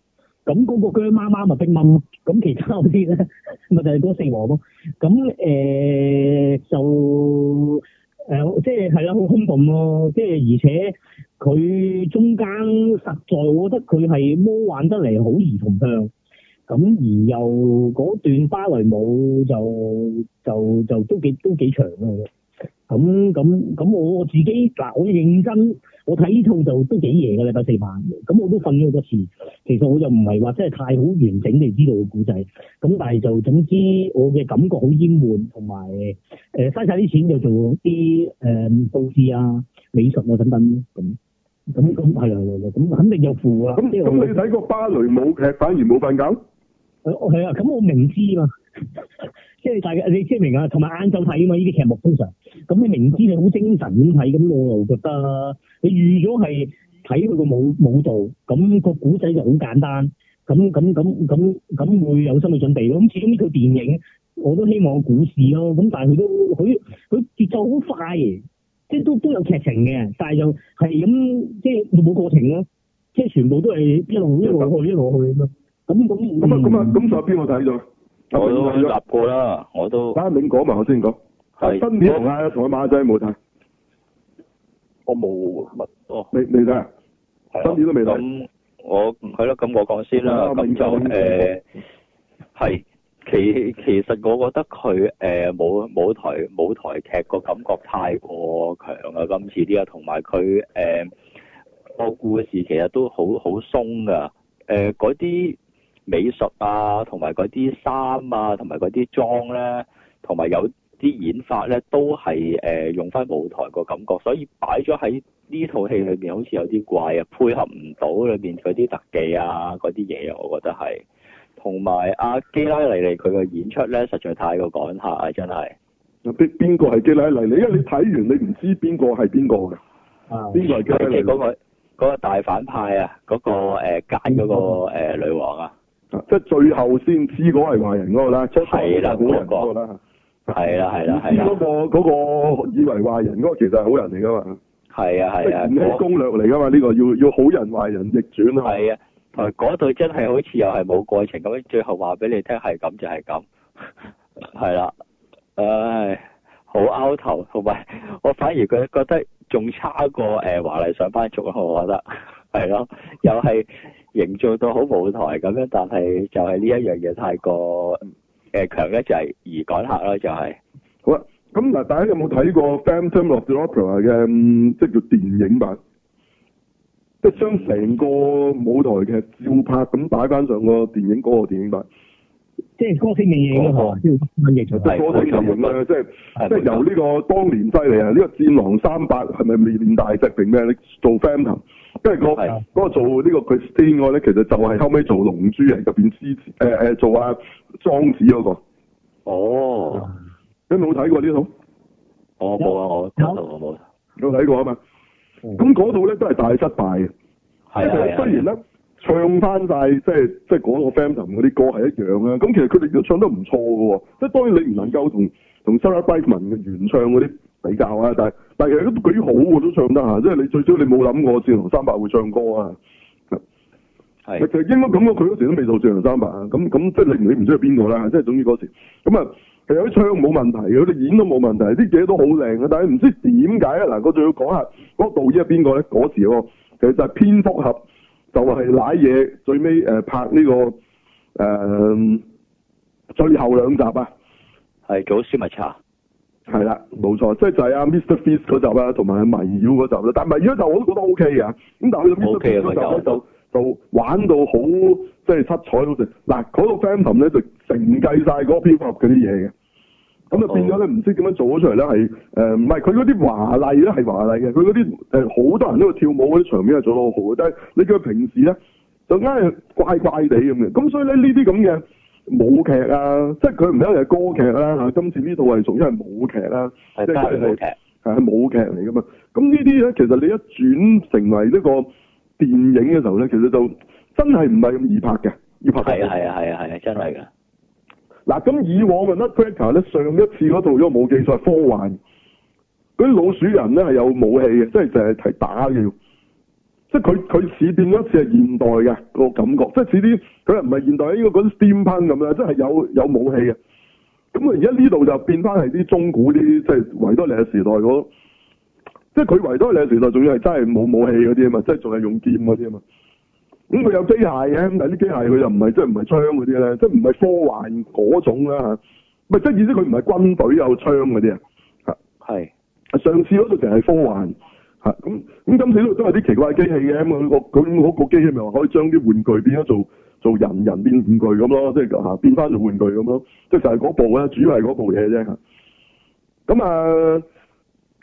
咁嗰個薑媽媽咪 Big Mom，咁其他嗰啲咧咪就係嗰四皇咯。咁誒就誒即係係啦，好空洞咯！即係而且佢中間實在，我覺得佢係魔幻得嚟好兒童向。咁而又嗰段芭蕾舞就就就都幾都幾長嘅。咁咁咁，我自己嗱，我認真，我睇呢套就都幾夜噶啦，第四晚。咁我都瞓咗多次。其實我就唔係話真係太好完整地知道個故仔。咁但係就總之，我嘅感覺好煙悶，同埋誒，嘥晒啲錢就做啲誒，佈置啊、美術啊等等咁。咁咁係係係，咁肯定有負啊。咁同你睇過芭蕾舞劇反而冇瞓覺。係啊，咁我明知啊。即 係大家你即係明啊，同埋晏晝睇啊嘛，呢啲劇目通常。咁你明知你好精神咁睇，咁我又覺得你預咗係睇佢個舞舞蹈，咁個古仔就好簡單。咁咁咁咁咁會有心理準備咯。咁始終呢套電影我都希望古事咯。咁但係佢都佢佢節奏好快，即係都都有劇情嘅，但係就係咁即係冇過程咯。即係全部都係一路一路去一路去咁。咁咁咁咁在邊個睇咗？我都去立過啦，我都等你講埋，我先講。係新片啊，同阿馬仔冇睇。我冇乜，哦，未未睇。新片都未睇。咁我係咯，咁我講先啦。咁就誒，係、呃、其其實我覺得佢誒舞舞台舞台劇個感覺太過強啊！今次啲啊，同埋佢誒個故事其實都好好鬆噶，誒嗰啲。美術啊，同埋嗰啲衫啊，同埋嗰啲妝咧，同埋有啲演法咧，都係誒用翻舞台個感覺，所以擺咗喺呢套戲裏邊，好似有啲怪啊，配合唔到裏邊嗰啲特技啊，嗰啲嘢啊，我覺得係。同埋阿姬拉麗莉佢個演出咧，實在太過趕客啊，真係。邊、那、邊個係姬拉麗莉？因為你睇完你唔知邊個係邊個㗎？邊邊個係姬拉麗莉，嗰個嗰個大反派啊，嗰、那個誒奸嗰個誒、呃、女王啊。即係最後先知嗰係壞人嗰個啦，即頭係啦好人嗰，嗰個啦。係啦係啦係啦，嗰個，嗰個以為壞人嗰個其實係好人嚟噶嘛，係啊係啊，即係唔係攻略嚟噶嘛呢個要要好人壞人逆轉嘛，係啊，嗰、那、度、個那個那個，真係好似又係冇過程咁樣樣，最後話俾你聽係咁就係咁，係、哎、啦，唉，好拗頭，同埋我反而佢覺得仲差過誒華麗上班族咯，我覺得。係咯，又係營造到好舞台咁樣，但係就係呢一樣嘢太過誒、呃、強一就係易趕客咯，就係、是。好啦，咁嗱，大家有冇睇過 Phantom of the Opera 嘅，即係叫電影版，嗯、即係將成個舞台劇照拍咁擺翻上嗰個電影嗰、嗰個電影版。即係歌聲嘅影啊，即係翻咗即係歌聲即係即係由呢個當年犀利啊！呢、呢個戰狼三八係咪未練大隻定咩？你做 Phantom？因為嗰、那個啊那個做呢個 Christine 嗰個咧，其實就係後尾做龍珠人入邊支誒誒、呃、做阿、啊、莊子嗰、那個。哦，你有冇睇過呢、這、套、個？哦，冇啊、哦，我有啊，冇。有睇過啊嘛？咁嗰套咧都係大失敗嘅。係啊。雖然咧、啊啊、唱翻晒，即係即係嗰個 Phantom 嗰啲歌係一樣啊。咁其實佢哋都唱得唔錯噶，即係當然你唔能夠同同 Sarah Brightman 嘅原唱嗰啲。比較啊，但係但係其實都幾好，都唱得吓，即係你最少你冇諗過戰狼300會唱歌啊。係其實應該感覺佢嗰時都未到戰狼300啊，咁咁即係令你唔知係邊個啦，即係總之嗰時咁啊、嗯。其實啲唱冇問題，佢哋演都冇問題，啲嘢都好靚啊。但係唔知點解啊嗱，我仲要講下嗰導演係邊個咧？嗰時其實係、就是、蝙蝠俠，就係瀨嘢最尾誒拍呢個誒最後兩、這個嗯、集啊。係早斯密查。係啦，冇錯，即係就係、是、阿 Mr. Fist 嗰集啦，同埋佢迷妖嗰集啦。但係迷妖嗰集我都覺得 O K 啊，咁但係佢 Mr. Fist 嗰集就就玩到好，即係七彩好剩。嗱、那個，嗰個 Phantom 咧就承繼晒嗰個 Pop 嗰啲嘢嘅，咁就變咗咧唔知點樣做咗出嚟咧，係誒唔係佢嗰啲華麗咧係華麗嘅，佢嗰啲誒好多人都去跳舞嗰啲場面係做得好好。但係你叫佢平時咧就梗係怪怪地咁嘅，咁所以咧呢啲咁嘅。舞劇啊，即係佢唔係隻係歌劇啦、啊、今次呢套係屬於係舞劇啦、啊，即係劇，係舞劇嚟噶嘛。咁呢啲呢，其實你一轉成為呢個電影嘅時候呢，其實就真係唔係咁易拍嘅，要拍嘅，係啊係啊係啊，真係㗎。嗱咁以往嘅《Nutcracker》呢，上一次嗰套因為冇技術科幻，嗰啲老鼠人呢係有武器嘅，即係就係、是、睇打嘅。即係佢佢似變咗一次係現代嘅、那個感覺，即係似啲佢又唔係現代，呢個嗰啲 Steam Punk 咁樣，即係有有武器嘅。咁啊，而家呢度就變翻係啲中古啲，即係維多利亞時代嗰，即係佢維多利亞時代仲要係真係冇武器嗰啲啊嘛，即係仲係用劍嗰啲啊嘛。咁佢有機械嘅，但啲機械佢又唔係即係唔係槍嗰啲咧，即係唔係科幻嗰種啦嚇。咪即係意思佢唔係軍隊有槍嗰啲啊。係。上次嗰度其實係科幻。咁咁今次都都係啲奇怪嘅機器嘅，咁佢個佢個機器咪可以將啲玩具變咗做做人人變玩具咁咯，即係嚇變翻做玩具咁咯，即係就係嗰部咧，主要係嗰部嘢啫。咁啊，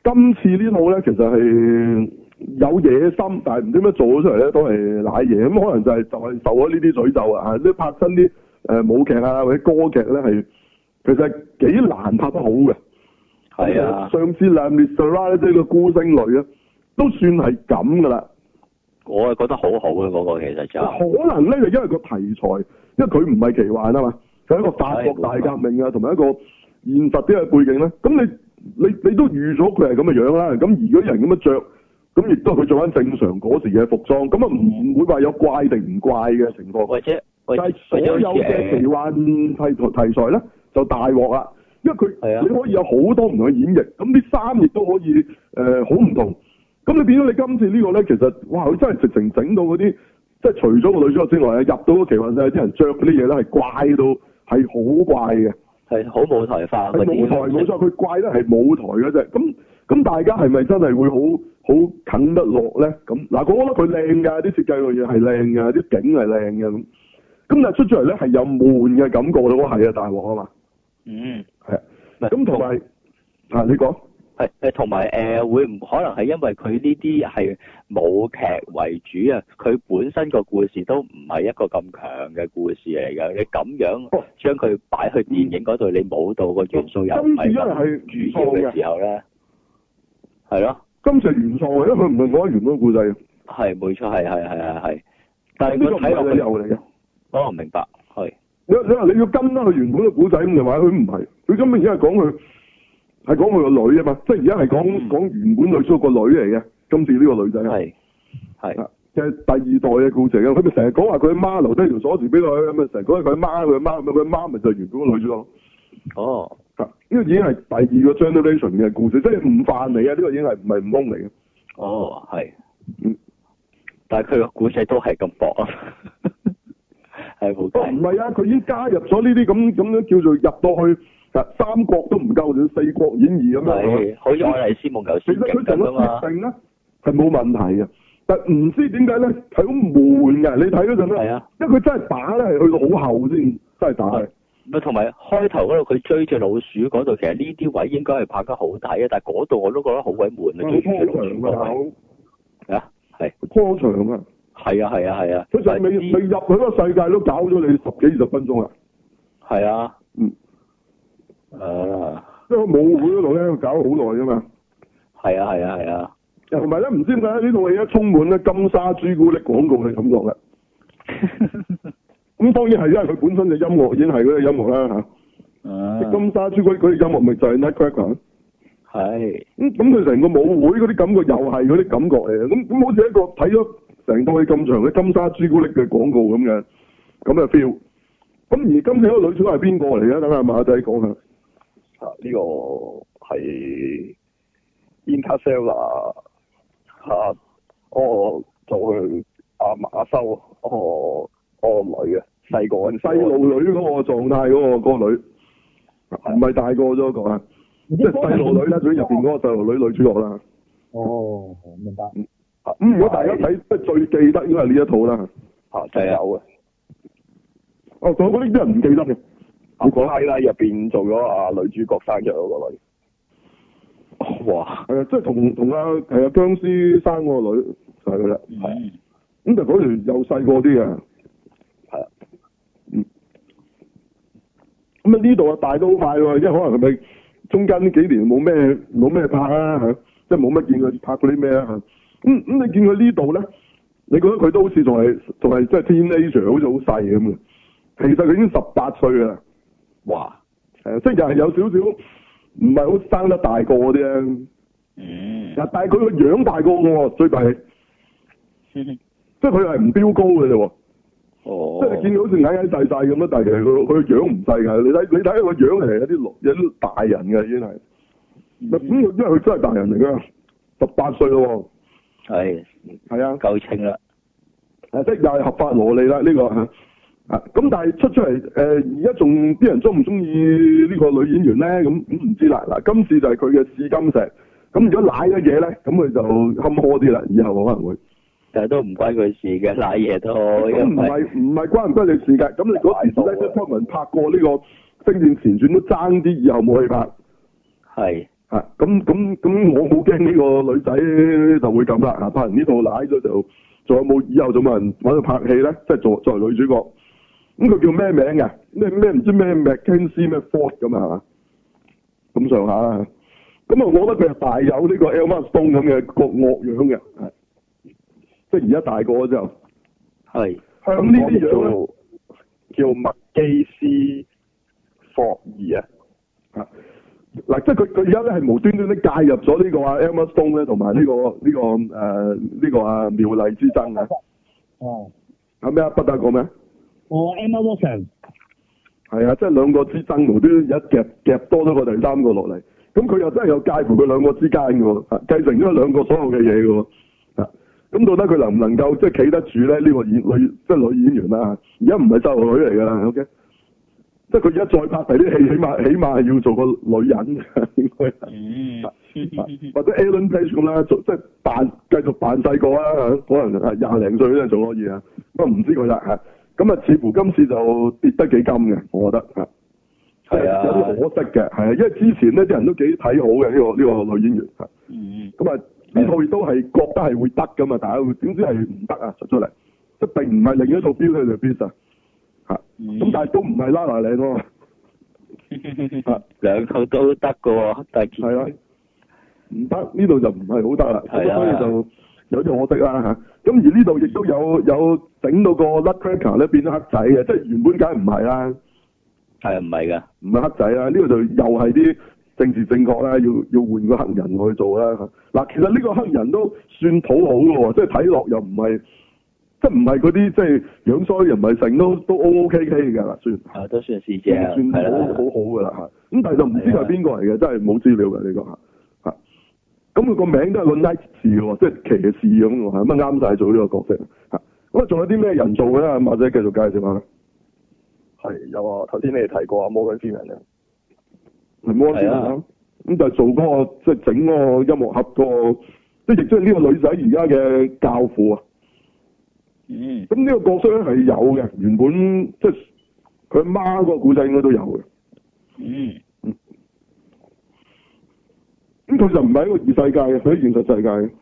今次呢套咧其實係有野心，但係唔知咩做咗出嚟咧都係瀨嘢，咁可能就係就係受咗呢啲詛咒啊！即係拍新啲誒舞劇啊或者歌劇咧係其實幾難拍得好嘅。係、哎、啊，上次《藍月 r 拉》呢係個孤星淚啊。都算係咁噶啦我啊覺得好好啊嗰個其實就可能咧，就因為個題材，因為佢唔係奇幻啊嘛，就一個法國大革命啊，同埋一個現實啲嘅背景咧。咁你你你都預咗佢係咁嘅樣啦。咁如果人咁樣着，咁亦都係佢着翻正常嗰時嘅服裝，咁啊唔會話有怪定唔怪嘅情況啫。但係所有嘅奇幻題材題材咧就大鑊啦，因為佢你可以有好多唔同嘅演繹，咁啲衫亦都可以誒好唔同。咁你變咗你今次呢個咧，其實哇，佢真係直情整到嗰啲，即係除咗個女主角之外啊，入到個奇幻世界啲人着嗰啲嘢咧係怪到係好怪嘅，係好舞台化。係舞台冇錯，佢怪得係舞台嘅啫。咁咁大家係咪真係會好好近得落咧？咁嗱、啊，我覺得佢靚㗎，啲設計嘅嘢係靚㗎，啲景係靚嘅。咁。咁但係出咗嚟咧係有悶嘅感覺咯，係啊，大鑊啊嘛。嗯。係、啊。咁同埋啊，你講。誒，同埋誒，會唔可能係因為佢呢啲係舞劇為主啊？佢本身個故事都唔係一個咁強嘅故事嚟嘅。你咁樣將佢擺去電影嗰度，嗯，你冇到個元素又跟住，啊，因為係主嘅時候咧，係咯，跟住元素咧，佢唔係講原本故仔，係，冇錯，係係係係，但係個睇落理由嚟嘅。哦，我明白，係。你你話你要跟翻佢原本嘅故仔咁就話，佢唔係，佢根本只係講佢。係講佢個女啊嘛，即係而家係講講原本女主個女嚟嘅，嗯，今次呢個女仔，係係啊，就係第二代嘅故事啊，佢咪成日講話佢媽留低條鎖匙俾佢，咁咪成日講佢媽佢媽咁啊，佢媽咪就係原本個女主咯。哦，呢、啊這個已經係第二個 generation 嘅故事，即係唔飯你啊，呢、這個已經係唔係唔峰嚟嘅。哦，係，嗯，但係佢個故事都係咁薄， 哦、啊，係冇。唔係啊，佢已經加入咗呢啲咁咁樣叫做入到去。三國都唔夠，你四國演義咁樣，好似愛麗絲夢遊嘅咁啊嘛，係冇問題嘅、啊，但唔知點解咧，係好悶嘅。你睇嗰陣咧，因為佢真係打咧，係去到好後先，真係打。咪同埋開頭嗰度佢追隻老鼠嗰度，其實呢啲位置應該係拍得好大啊。但係嗰度我都覺得好鬼悶啊，追住隻老鼠嗰度。啊，係。拖長啊。係啊係啊係啊，佢就未未入佢個世界都搞咗你十幾二十分鐘啊。係、嗯、啊，誒、uh,，即係舞會嗰度咧，搞好耐噶嘛。係啊係啊係啊。同埋咧，唔、啊、知點解呢套嘢咧充滿咧金沙朱古力廣告嘅感覺咧。咁 當然係，因為佢本身嘅音樂已經係嗰啲音樂啦吓、uh, 嗯啊嗯啊。金沙朱古力嘅音樂咪就係 Nutcracker。係。咁咁佢成個舞會嗰啲感覺又係嗰啲感覺嚟嘅，咁咁好似一個睇咗成套咁長嘅金沙朱古力嘅廣告咁嘅，咁嘅 feel。咁而今次嗰個女主角係邊個嚟嘅？等下馬仔講下。呢個係 Interstellar 啊，吓嗰就去阿、啊、馬修嗰、那個那個女嘅，細、那個細路女嗰個狀態嗰個個女，唔係大個咗、那個，即係細路女啦，最入邊嗰個細路女女主角啦。哦，明白。咁如果大家睇最記得，應該係呢一套啦。啊，就有嘅。哦、啊，仲有啲人唔記得嘅。我講喺啦，入邊做咗啊女主角生日嗰個女，哇！係啊，即係同同阿係僵尸生個女就係佢啦。咁但係嗰條又細個啲嘅，係啊，嗯。咁啊呢度啊大都好快，因為可能係咪中間呢幾年冇咩冇咩拍啊，即係冇乜見佢拍過啲咩啊，咁咁你見佢呢度咧，你覺得佢都好似仲係仲係即係 teenager 好似好細咁嘅，其實佢已經十八歲啦。哇，誒、嗯嗯嗯嗯嗯，即係又係有少少唔係好生得大個嗰啲咧，但係佢個樣大個喎，最大係，即係佢係唔標高嘅啫，即係見到好似矮矮細細咁樣，但係其實佢佢個樣唔細噶，你睇你睇個樣係有啲有啲大人嘅已經係，咁、嗯、啊，因為佢真係大人嚟噶，十八歲咯，係、哎、係啊，夠稱啦，誒、嗯，即係又係合法蘿莉啦呢、這個。啊！咁但係出出嚟，誒、呃，而家仲啲人中唔中意呢個女演員咧？咁、嗯、唔知啦。嗱，今次就係佢嘅試金石。咁而家瀨咗嘢咧，咁佢就坎坷啲啦。以後可能會，但係都唔關佢事嘅，瀨嘢都唔係唔係關唔關你事嘅。咁你嗰時唔即、嗯、拍過呢個《星戰前傳》都爭啲，以後冇去拍。係。咁咁咁，我好驚呢個女仔就會咁啦。吓，拍完呢套瀨咗就，仲有冇以後仲有人搵佢拍戲咧？即係作作為女主角。咁佢叫咩名嘅？咩咩唔知咩 McKenzie 咩 Ford 咁啊？咁上下啦。咁啊，我覺得佢係大有呢個 Emma Stone 咁嘅個惡樣嘅，即係而家大個咗之後係。係咁呢啲樣咧，叫麥基斯霍爾、這個這個呃這個、啊。嗱，即係佢佢而家咧係無端端咧介入咗呢個啊 Emma Stone 咧，同埋呢個呢個誒呢個啊妙麗之爭嘅。哦、嗯。有咩啊？不得過咩我 Emma Watson 係啊，即係兩個之爭，無端一夾夾多咗個第三個落嚟。咁佢又真係有介乎佢兩個之間嘅喎，啊、繼承咗兩個所有嘅嘢嘅喎。咁、啊、到底佢能唔能夠即係企得住咧？呢、呢個演女，女即係女演員啦，而家唔係細路女嚟㗎啦，OK 即係佢而家再拍第啲戲，起碼起碼要做個女人、啊、 或者 Ellen Page 咁啦，即係扮繼續扮細個啦，可能啊廿零歲先做可以啊，咁唔知佢啦吓。咁啊，似乎今次就跌得幾金嘅，我覺得嚇，係啊，有啲可惜嘅，係啊，因為之前呢啲人都幾睇好嘅呢、呢個呢、呢個女演員嚇，嗯嗯，咁啊呢套亦都係覺得係會得噶嘛，但係點知係唔得啊，出出嚟，即係並唔係另一套標喺度邊實嚇，咁、嗯啊嗯、但係 都唔係拉埋你咯，嚇兩套都得嘅喎，係啦、啊，唔得呢度就唔係好得啦，所以就有啲可惜啦嚇。咁而呢度亦都有有整到個 Nutcracker 咧變咗黑仔嘅，即係原本梗係唔係啦，係唔係噶？唔係黑仔啦，呢個就又係啲政治正確啦，要要換個黑人去做啦。嗱，其實呢個黑人都算討好嘅喎，即係睇落又唔係，即係唔係嗰啲即係樣衰又唔係成都都 O O K K 嘅啦算係、哦、都算係算好好嘅啦吓，咁，但係就唔知係邊個嚟嘅，真係冇資料嘅呢個咁佢個名都係 Knight 字嘅，即係騎士咁，咁啊啱晒做呢個角色。吓，咁啊仲有啲咩人做咧？阿馬仔繼續介紹下。係有啊，頭先你哋提過啊 Morgan Freeman 嘅。係啊。咁、啊、就做嗰、那個，即、就、係、是、整嗰個音樂盒嗰、那個，即係亦都係呢個女仔而家嘅教父啊。咦、嗯，咁呢個角色咧係有嘅，原本即係佢阿媽嗰個古仔應該都有嘅。咦、嗯。佢就唔係一個異世界，喺現實世界。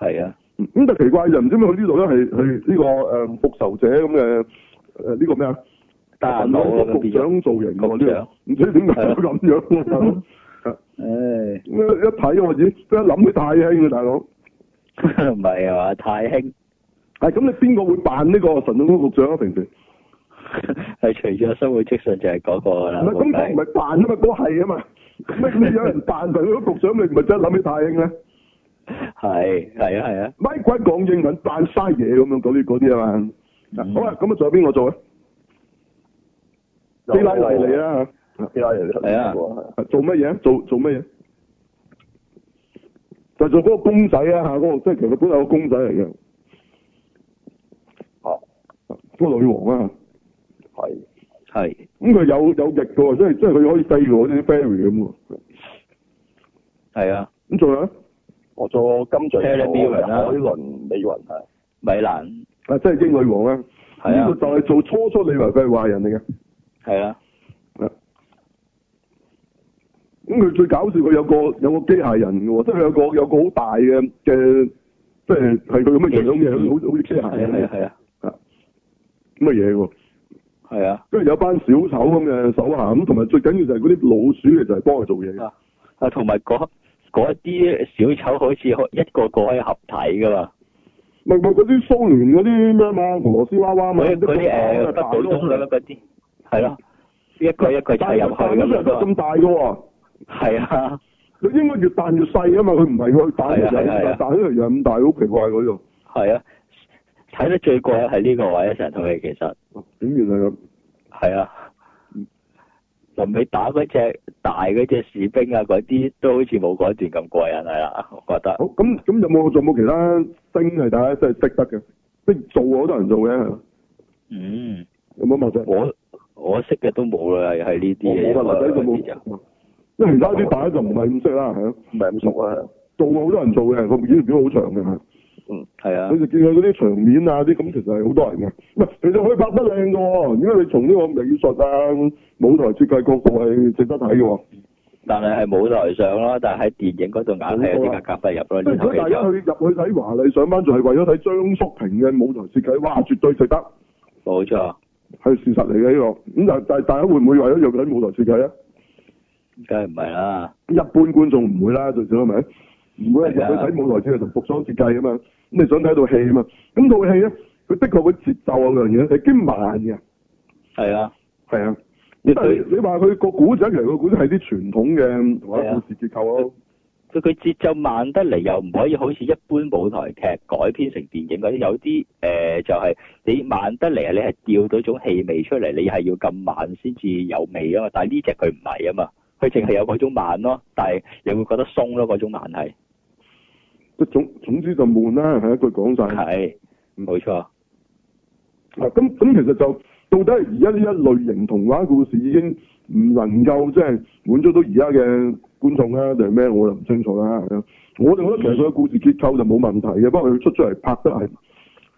係啊，咁但奇怪就唔知點解呢度咧係係呢個誒復、嗯、仇者咁嘅誒呢個咩 啊？ 哎、我想想大佬 啊，局長造型啲呢樣，唔知點解咁樣。誒，咁一睇我咦，一諗佢太輕啊，大佬。唔係啊，太輕。係咁，你邊個會扮呢、這個神盾局局長啊？平時係 除咗生活積信、那個，就係嗰個啦。咁，佢唔係扮啊嘛，嗰個係啊嘛。乜 嘢有人扮個局長，你唔係真係諗起太興咧。係係啊係啊，咪鬼講英文扮晒嘢咁樣，嗰啲嗰啲啊嘛。好啊，咁啊，仲有邊個做啊？希拉尼嚟啊，希拉尼嚟啊，做乜嘢？做做乜嘢？就係、做嗰個公仔啊，吓、嗰、嗰個即係其實都有個公仔嚟嘅。啊，嗰個女王啊，係。係，咁、嗯、佢有有翼噶喎，即係即係佢可以飛啲 fairy 咁喎。係啊，咁、嗯、仲有咧？我做金錘、啊、海倫、美雲係米蘭啊，即係英女王啊。係、這個、啊，呢個就係做初初李雲佢係壞人嚟嘅。係啊，咁佢最搞笑，佢有個有個機械人噶喎，即係有個有個好大嘅嘅，即係係佢咁嘅樣嘢，好好似機械人。係啊係啊係啊啊，嘢喎、啊。係啊，跟住有班小丑咁嘅手下，咁同埋最緊要就係嗰啲老鼠嚟，就係幫佢做嘢啦。啊，同埋嗰啲小丑好似一個一個可以合體噶嘛？咪咪嗰啲蘇聯嗰啲咩啊嘛，俄羅斯娃娃咪嗰啲誒，得鬼鐘嗰啲，係、就、啦、是啊，一個一個，一個，就一個砌入去咯。但係咁大噶喎？係啊，佢、啊、應該越彈越細啊嘛，佢唔係佢彈嚟樣，彈起嚟樣咁大，好奇怪嗰度。係啊。睇得最貴係呢個位成套戲，其實咁、嗯、原來咁係啊。臨、嗯、尾打嗰隻大嗰隻士兵啊，嗰啲都好似冇嗰段咁貴啊，係啊，我覺得。好咁咁有冇仲冇其他星係，大家真係識得嘅？即、嗯、係做啊，好多人做嘅。嗯，有冇麥仔？我我識嘅都冇啦，係呢啲嘢。冇麥仔就冇，因為其他啲大就唔係咁識啦，唔係咁熟啊。做啊，好多人做嘅，個表演好長嘅。嗯，係啊，佢就見佢嗰啲場面啊，啲咁，其實係好多人嘅。其實佢拍得靚嘅。如果你從呢個美術啊、舞台設計角度係值得睇嘅。但係係舞台上啦，但係喺電影嗰度硬係有啲格格不入咯。如果大家去入去睇華麗上班，就係、是、為咗睇張叔平嘅舞台設計，哇，絕對值得。冇錯，係事實嚟嘅呢個。咁但係但係大家會唔會為咗入去睇舞台設計啊？梗係唔係啦，一般觀眾唔會啦，最少係咪？唔、啊、會係入去睇舞台設計同服裝設計啊嘛。咁你想睇套戲啊嘛？咁套戲咧，佢的確個節奏啊樣嘢係幾慢嘅。係啊，係啊。即係你你話佢個古仔嚟，個古仔係啲傳統嘅，同埋故事結構咯。佢佢、啊、節奏慢得嚟，又唔可以好似一般舞台劇改編成電影嗰啲，有啲誒、呃、就係、是、你慢得嚟啊！你係調到一種氣味出嚟，你係要咁慢先至有味啊嘛。但係呢隻佢唔係啊嘛，佢淨係有嗰種慢咯，但係又會覺得鬆咯，嗰種慢係。總總之就悶啦，係一句講晒。係，冇錯。咁、嗯、咁、嗯嗯嗯、其實就到底係而家呢一類型童話故事已經唔能夠即係滿足到而家嘅觀眾啦、啊，定係咩？我就唔清楚啦。我就覺得其實佢故事結構就冇問題嘅，不過佢出咗嚟拍得係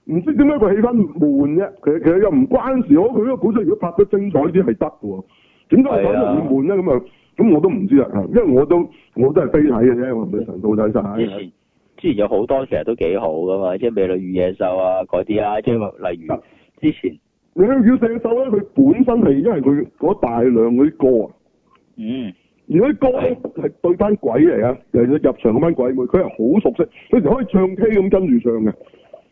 唔知點解個氣氛悶啫。其實其實又唔關事，我佢個故事如果拍得精彩啲係得喎。點解會咁樣會悶咧？咁啊，咁、嗯嗯、我都唔知啦。因為我都我都係飛睇嘅啫，我唔會陳訴晒。之前有好多成日都幾好噶嘛，即係美女與野獸啊嗰啲啊，即係例如之前美女與野獸咧，佢本身係因為佢嗰大量嗰啲歌啊，嗯，而嗰啲歌咧係對返鬼嚟啊，尤其是入場嗰班鬼妹，佢係好熟悉，佢就可以唱 K 咁跟住唱嘅，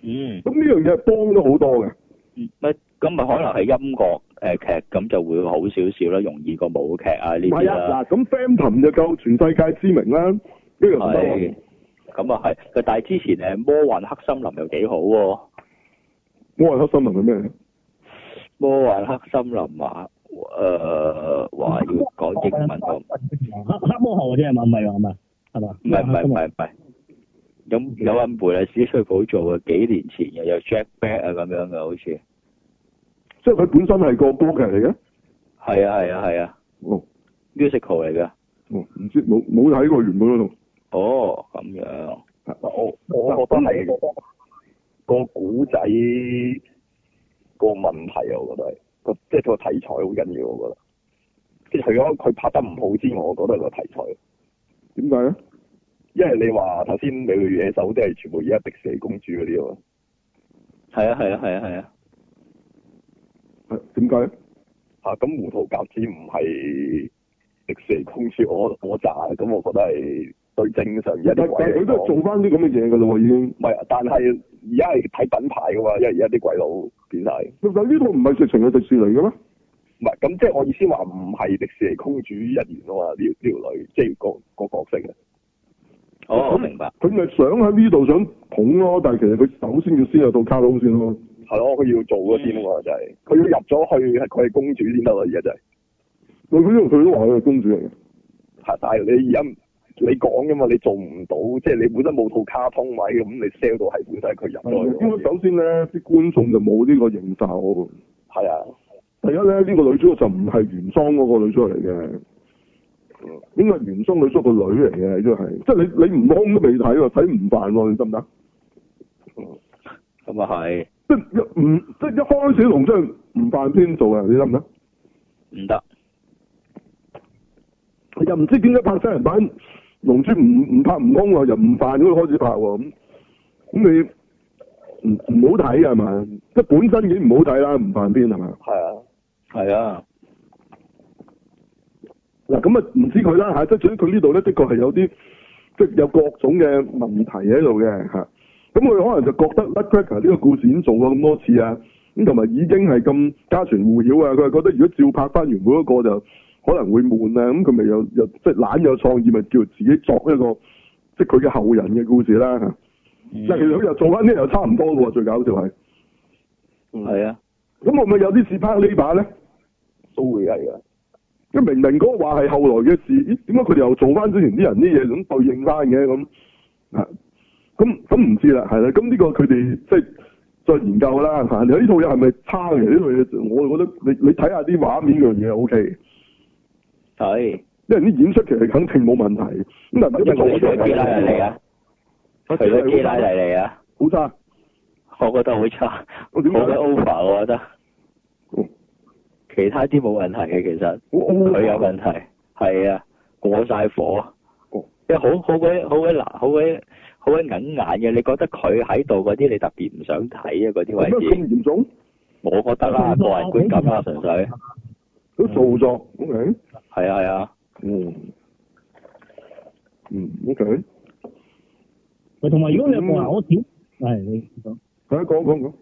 嗯，咁呢樣嘢係幫咗好多嘅，嗯，咁咪可能係音樂誒、呃、劇咁就會好少少啦，容易個舞劇啊呢啲啦，嗱咁 Phantom 就夠全世界知名啦，呢個唔得？咁啊係，但係之前誒、啊《魔幻黑森林》又幾好。說說魔幻黑森林係咩？魔幻黑森林啊，誒話要講英文咯。黑魔后嘅啫係咪？唔係嘛？係嘛？唔係唔係唔係唔係。咁有阿梅麗史翠普做嘅，幾年前又有 Jack Back 啊咁樣嘅，好似。即係佢本身係個波劇嚟嘅。係啊係啊係啊。啊啊哦、musical 嚟嘅。唔、哦、知冇冇睇過原本度。哦，咁樣，我我覺得係個古仔個問題，我覺得係個即係個題材好緊要，我覺得即係除咗佢拍得唔好之外，我覺得係個題材點解咧？因為你話頭先美女與野獸都係全部而家迪士尼公主嗰啲喎，係啊係啊係啊係啊，點解啊咁、啊啊啊、胡桃夾子唔係迪士尼公主我，我我咋咁？我覺得係。最正常嘅一啲鬼佬，佢都係做翻啲咁嘅嘢噶咯，已經唔係。但係而家係睇品牌噶嘛，因為而家啲鬼佬變曬。但呢套唔係直情嘅迪士尼嘅咩？唔係咁，即係我意思話唔係迪士尼公主人員啊嘛。呢呢條女即係個個角色啊。哦，我明白。佢咪想喺呢度想捧咯，但係其實佢首先要先入到卡窿先咯。係咯，佢要做嗰啲啊，就係佢要入咗去，係佢係公主先得啊！而家就係，但佢都話佢係公主嚟嘅。但係你而家你講㗎嘛，你做唔到，即係你本身冇套卡通位，咁你 sell 到係本身佢入咗。因為首先咧，啲觀眾就冇呢個認受。係啊。第一咧，呢個女主角就唔係原裝嗰個女出嚟嘅。應該係原裝女出個女嚟嘅，都係。即係你你吳空都未睇喎，睇唔辦喎，你得唔得？咁啊係。即係一唔即係一開始同張唔辦先做嘅，你得唔得？唔得。又唔知點解拍真人版？龍村唔唔拍悟空喎，又唔犯，所以開始拍喎，咁咁你唔唔好睇啊嘛，即本身已經唔好睇啦，唔犯片係嘛？係啊，係啊。嗱咁啊，唔知佢啦嚇，即至於佢呢度咧，的確係有啲即、就是、有各種嘅問題喺度嘅嚇。咁佢可能就覺得《Nutcracker》呢、這個故事已經做過咁多次啊，咁同埋已經係咁家傳戶曉啊，佢係覺得如果照拍翻原本一個就。可能會悶啊！咁佢咪又又即係懶有創意，咪叫自己作一個即係佢嘅後人嘅故事啦。但、嗯、係其實佢又做翻啲又差唔多嘅喎，最搞笑係。嗯，係啊。咁我咪有啲事 p a r 呢，咧，都會係啊。即明明嗰個話係後來嘅事，咦？點解佢哋又做翻之前啲人啲嘢咁對應翻嘅咁咁咁唔知啦，係啦、啊。咁呢個佢哋即係再研究啦吓，你呢套嘢係咪差嘅？呢套嘢我覺得你你睇下啲畫面樣嘢 O K。Okay 佢，因為啲演出其實肯定冇問題。咁但係點解我除咗基拉尼嚟啊？我除咗基拉尼嚟啊？好差，我覺得好差，好得、得、得 over，我，我覺得。 其、其他啲冇問題嘅其實，佢有問題，係啊，過晒火，因為好好鬼好鬼嗱好鬼好鬼硬眼嘅，你覺得佢喺度嗰啲你特別唔想睇啊嗰啲位置。咁嚴重？我覺得啦，個人觀感啦，純粹。都做作，O K，係啊，係啊，嗯，嗯，O K。同埋，如果你有冇話、嗯，我點？係、嗯哎、你講，講講講講。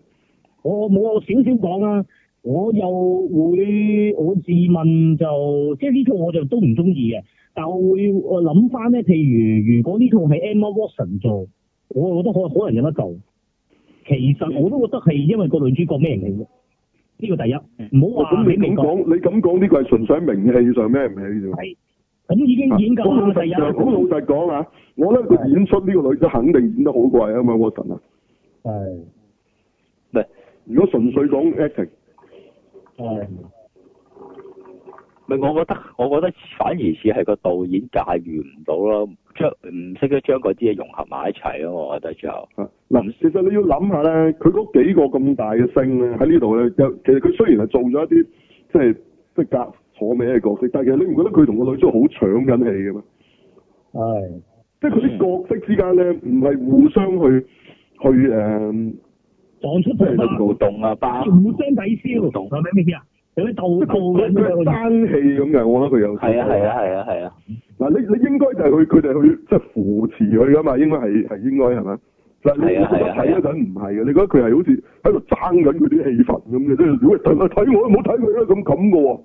我冇我少少講啊，我又會，我自問就，即係呢套我就都唔中意嘅，但我會我諗翻咧，譬如如果呢套係 Emma Watson 做，我我覺得可可能有得做。其實我都覺得係因為個女主角咩人嚟嘅。呢個第一，唔好話。咁、哦、你咁講，你咁講呢個係純粹名氣上咩唔起啫係，咁已，已經演夠。第二，好、啊、老實講啊，我覺得佢演出呢個女仔肯定演得好鬼啊嘛，郭神啊。係，唔係？如果純粹講 acting，咪我覺得，我覺得反而似係個導演駕馭唔到咯，將唔識得將嗰啲嘢融合埋一齊咯。我覺得就，後。其實你要諗下咧，佢嗰幾個咁大嘅聲咧，喺呢度咧，其實佢雖然係做咗一啲，即係即格可美嘅角色，但係其實你唔覺得佢同個女仔好搶緊戲嘅咩？係。即係佢啲角色之間咧，唔係互相去、嗯、去誒、呃、撞出台。互動啊！但包。互相抵消。洞係咩啊？有啲套路咁嘅，爭氣咁嘅，我覺得佢有。係啊係啊係啊係啊！嗱、啊啊啊，你你應該就係佢佢哋去即係扶持佢㗎嘛，應該係係應該係嘛？但係你喺度睇嗰陣唔係嘅，你覺得佢係、啊啊、好似喺度爭緊佢啲氣氛咁嘅，即係如果佢睇我唔好睇佢咧咁咁嘅喎。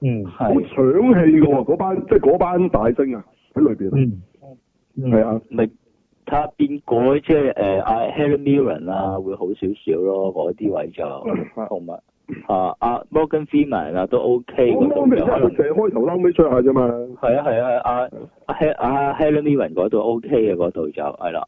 嗯。係、啊。好搶氣㗎喎，嗰班即係嗰班大聲裡、嗯嗯、啊！喺裏面。係啊，你睇下邊嗰即係誒 Helen Mirren 啦、啊嗯，會好少少咯，嗰啲位就、嗯啊，阿 Morgan Freeman 啊，都 OK 咁樣。我冇咩睇佢射開頭撈尾出下啫嘛。係啊係啊，阿阿 Helen Mirren 嗰度 OK 嘅嗰度就係啦，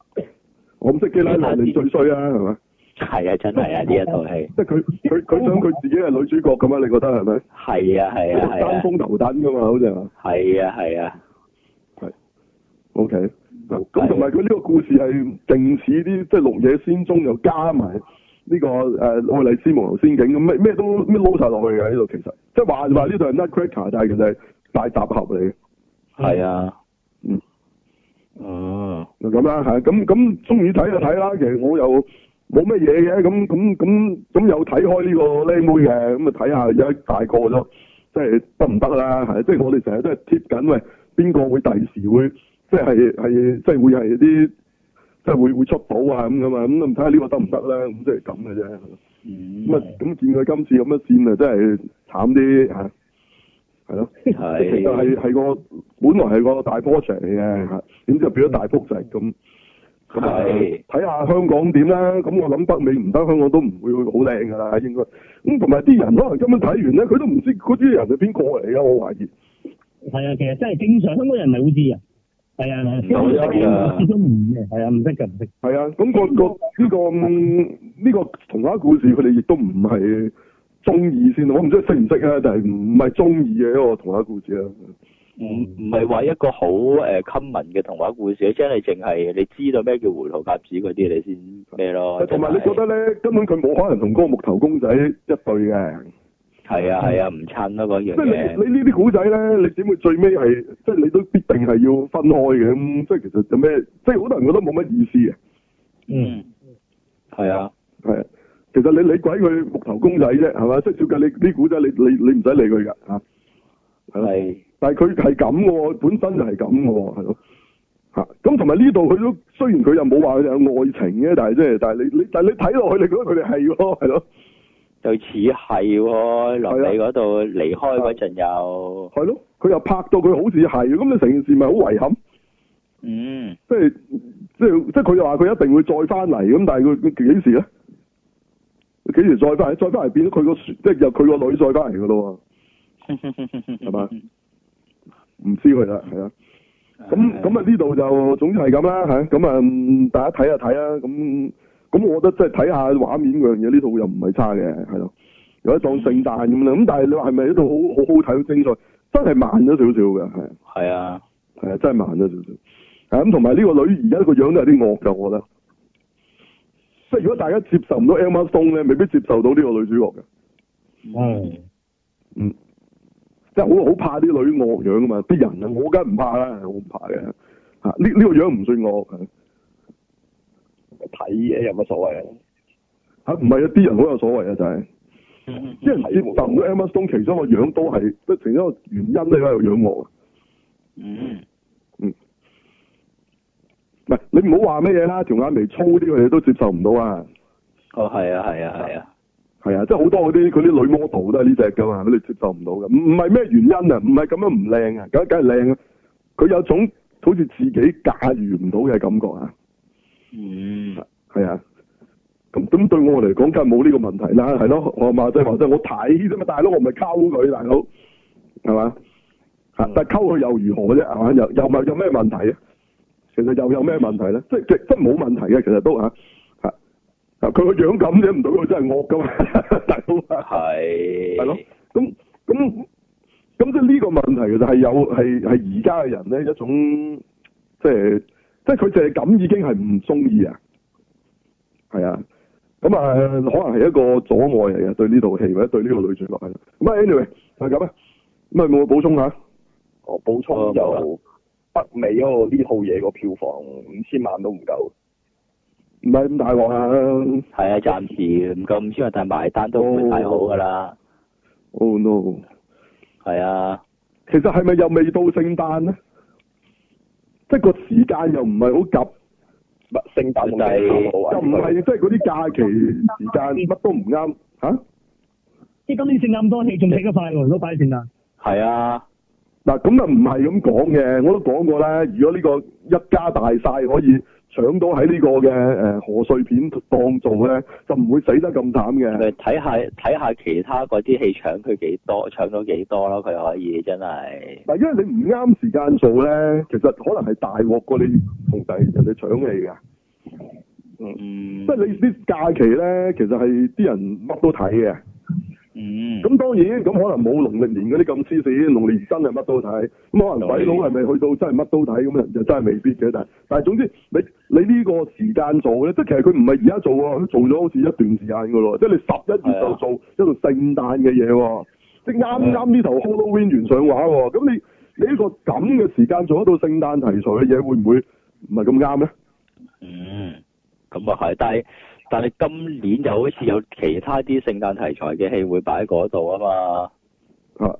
我唔識嘅啦，男嚟最衰啊，係咪？係啊，真係啊，呢一套戲。即係佢佢佢想佢自己係女主角咁啊？ 你覺得係咪？係啊係啊係啊。單峰頭等噶嘛，好似係啊係啊。係。O K，咁咁同埋佢呢個故事係定似啲即係綠野仙蹤又加埋。呢、這個誒愛麗絲夢遊仙境，咁咩咩都咩撈曬落去嘅，呢度其實，即係話話呢度係 Nutcracker，但係其實係大集合嚟嘅。係啊，嗯，啊咁啦咁咁中意睇就睇啦。其實我又冇乜嘢嘅，咁咁咁咁有睇開呢個僆妹嘅，咁啊睇下有一大個咗，即係得唔得啦？係即係我哋成日都係貼緊喂，邊個會第時會即係係即係會係啲。即係會會出寶啊咁嘅嘛，咁啊睇下呢個得唔得咧？咁即係咁嘅啫。咁、嗯、啊，咁、嗯、見佢今次咁一線啊，真係慘啲嚇，係咯。其實就係係個本來係個大波勢嚟嘅，點知變咗大幅勢咁。咁啊，睇下香港點啦？咁我諗北美唔得，香港都唔會好靚㗎啦，應該。咁同埋啲人可能根本睇完咧，佢都唔知嗰啲人係邊個嚟㗎，我懷疑。係啊，其實真係正常，香港人唔係好知啊。係啊，唔識噶，都唔係，啊的，唔識就唔識。係、嗯、啊，咁、嗯那個個呢個呢個，個，個，個，個，個童話故事，佢哋亦都唔係中意先我唔知識唔識啊，但係唔係中意嘅一個童話故事啊。唔唔係話一個好誒 common 嘅童話故事，即係淨係你知道咩叫回頭鴨子嗰啲，你先咩咯？同埋有你覺得咧，根本佢冇可能同嗰個木頭公仔一對嘅。.係啊係啊，唔襯啊。嗰嘢、啊啊啊。即係你呢啲古仔咧，你點會最尾係，即係你都必定係要分開嘅、嗯。即係其實就咩？即係好多人覺得冇乜意思嘅。嗯，係啊，係啊，啊。其實你理鬼佢木頭公仔啫，係嘛？即係小計，你啲古仔，你你你唔使理佢噶嚇。係。但係佢係咁喎，本身就係咁喎，係咯。咁同埋呢度佢都雖然佢又冇話佢哋有，有愛情嘅，但係即係但係你你但你睇落去，你覺得佢哋係咯，係咯。就似係喎，落嚟嗰度離開嗰陣又係咯，佢、啊啊、又拍到佢好似係，咁你成件事咪好遺憾？嗯，即係即係即係佢又話佢一定會再翻嚟，咁但係佢幾時咧？幾時再翻嚟？再翻嚟變咗佢個，即係由佢個女再翻嚟噶咯？係、嗯、嘛？唔 知佢啦，係啊。咁咁啊，呢度就總之係咁啦吓。咁、嗯、啊，大家睇下睇啦，咁、嗯。咁我覺得即係睇下畫面嗰樣嘢，呢套又唔係差嘅，係咯，有得裝聖誕咁啦。咁但係你話係咪呢套好好好睇好精彩？真係慢咗少少嘅，係。係啊，係啊，真係慢咗少少。咁同埋呢個女而家個樣都有啲惡嘅，我覺得。即係如果大家接受唔到 Emma Stone 咧，未必接受到呢個女主角嘅。嗯。嗯。即係好好怕啲女惡樣啊嘛！啲人啊，我梗唔怕啦，我唔怕嘅。呢呢個樣唔算惡。睇嘢有乜所謂啊？嚇，唔係啊！啲人好有所謂啊，就係、是，即係，但係如果 Emma Stone 其中個樣都係，即係其中個原因都喺度養我啊。嗯，嗯。唔係你唔好話咩嘢啦，條眼眉粗啲嘅嘢都接受唔到啊。哦，係啊，係啊，係啊，係啊，即係好多嗰啲佢啲女 model 都係呢隻㗎嘛，佢哋接受唔到嘅。唔係咩原因啊？唔係咁樣唔靚啊，梗係梗係靚啊！佢有種好似自己駕馭唔到嘅感覺啊！嗯，係啊，咁咁對我嚟講，梗係冇呢個問題啦，係咯。我話、就、話、係，即係我睇啫嘛，大佬，我唔係溝佢，大佬，係嘛，吓、嗯，但係溝佢又如何啫，係嘛，又又係有咩問題？其實又有咩問題咧、嗯？即係即即係冇問題嘅，其實都吓吓，啊，佢個樣咁啫，唔到佢真係惡噶嘛， 大佬係係咯，咁咁咁即係呢個問題其實係有係係而家嘅人咧一種即係。即係佢就係咁已經係唔中意啊，係、嗯、啊，咁啊可能係一個阻礙嚟嘅，對呢套戲或者對呢個女主角咁啊，anyway 係咁啊，咁咪冇補充下？哦，補充就北美嗰個呢套嘢個票房五千萬都唔夠，唔係咁大鑊啊。係啊，暫時唔夠五千萬，但埋單都唔係好㗎啦、哦。Oh no！係啊。其實係咪又未到聖誕咧？即個時間又唔係好急，聖誕又唔係，即係嗰啲假期時間乜都唔啱嚇。即係今年剩咁多戲，仲睇得快樂都快掂啦。係啊，嗱咁啊唔係咁講嘅，我都講、啊、過啦。如果呢個一家大細可以。搶到喺呢個嘅誒賀歲片當做咧，就唔會死得咁慘嘅。睇下睇下其他嗰啲戲搶佢幾多，搶咗幾多咯？佢可以真係。嗱，因為你唔啱時間做咧，其實可能係大鑊過你同第二人哋搶戲嘅。嗯。即係你啲假期咧，其實係啲人乜都睇嘅。嗯，咁當然，咁可能冇農曆年嗰啲咁黐線，農曆年真係乜都睇，咁可能鬼佬係咪去到真係乜都睇咁？就真係未必嘅，但係，但係總之你你呢個時間做咧，即係其實佢唔係而家做喎，佢做咗好似一段時間㗎咯，即係你十一月就做一個聖誕嘅嘢，即係啱啱呢頭 Halloween 完上畫喎，咁、啊、你你呢個咁嘅時間做一道聖誕題材嘅嘢，會唔會唔係咁啱咧？嗯，咁啊係，但係。但係今年就好似有其他啲聖誕題材嘅戲會擺喺嗰度啊嘛，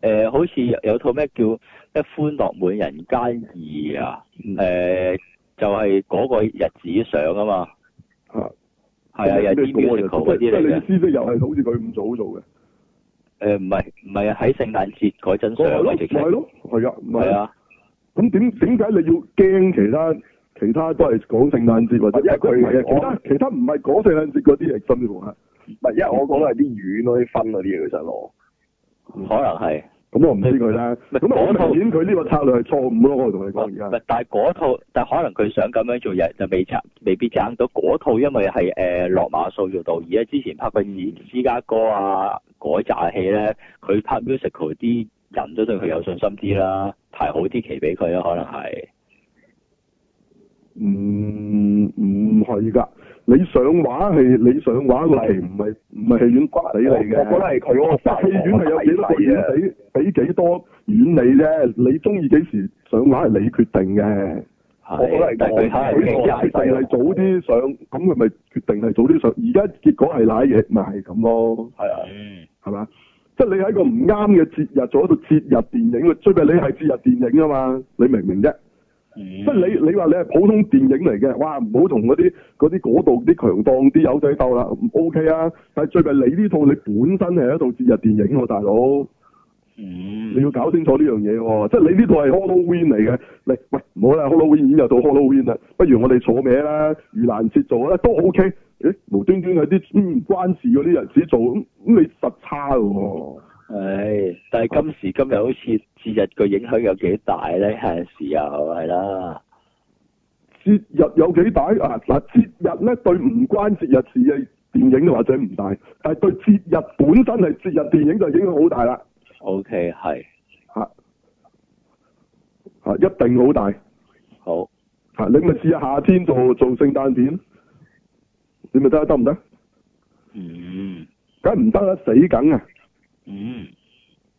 誒，好似有套咩叫《一歡樂滿人間二》啊，誒、呃啊嗯啊，就係、是、嗰個日子上啊嘛，係係啊，有啲 musical 嗰啲嚟嘅，日日日日就是、你又係好似佢咁早做嘅，誒，唔係唔係啊，喺聖誕節嗰陣上，係咯，係咯，係係啊，咁點點解你要驚其他？其他都係講聖誕節或者，因為佢其他其他唔係講聖誕節嗰啲嘢，真唔啊？唔、嗯、係，因為我講係啲遠咯，啲分嗰啲嘢，其實我、嗯、可能係。咁我唔聽佢啦。唔、嗯、係，咁嗰套片佢呢個策略係錯誤咯，我同你講而家。唔係，但係嗰套，但可能佢想咁樣做嘢，就未未必爭到。嗰套因為係誒落馬數做到，而家之前拍過《二芝加哥啊》啊改炸戲咧，佢、嗯、拍 musical 啲人都對佢有信心啲啦，排好啲期俾佢啦，可能係。而家你上畫係你上畫個期，唔係唔係戲院刮你嚟嘅。我覺得係佢喎，戲院係有幾多個院俾俾幾多院你啫？你中意幾時上畫係你決定嘅。係。我嚟，佢哋係定係早啲上，咁佢咪決定係早啲上？而家結果係瀨嘢？咪係咁咯。係。係嘛？即係你喺個唔啱嘅節日做一度節日電影，最弊你係節日電影啊嘛？你明唔明啫？即係你你話你係普通電影嚟嘅。哇，唔好同嗰啲嗰啲度啲強檔啲友仔鬥啦，O K 啊！但係最近你呢套你本身係一套節日電影喎、啊，大佬，嗯、你要搞清楚呢樣嘢喎，即係你呢套係 Halloween 嚟嘅，你喂，唔好啦 Halloween 已經又做 Halloween 啦，不如我哋坐咩啦？盂蘭節做咧都 O K？誒無端端喺啲唔關事嗰啲日子做，咁、嗯、咁、嗯、你實差喎、啊。係、哎，但係今時今日好似節日個影響有幾大咧？係時候係啦。節日有幾大啊？嗱，節日咧對唔關節日事嘅電影或者唔大，但係對節日本身係節日電影就影響好大啦。OK，係。吓、啊啊、一定好大。好。吓、啊，你咪試下夏天做做聖誕片，你咪得得唔得？嗯，梗唔得啦，死梗啊！嗯，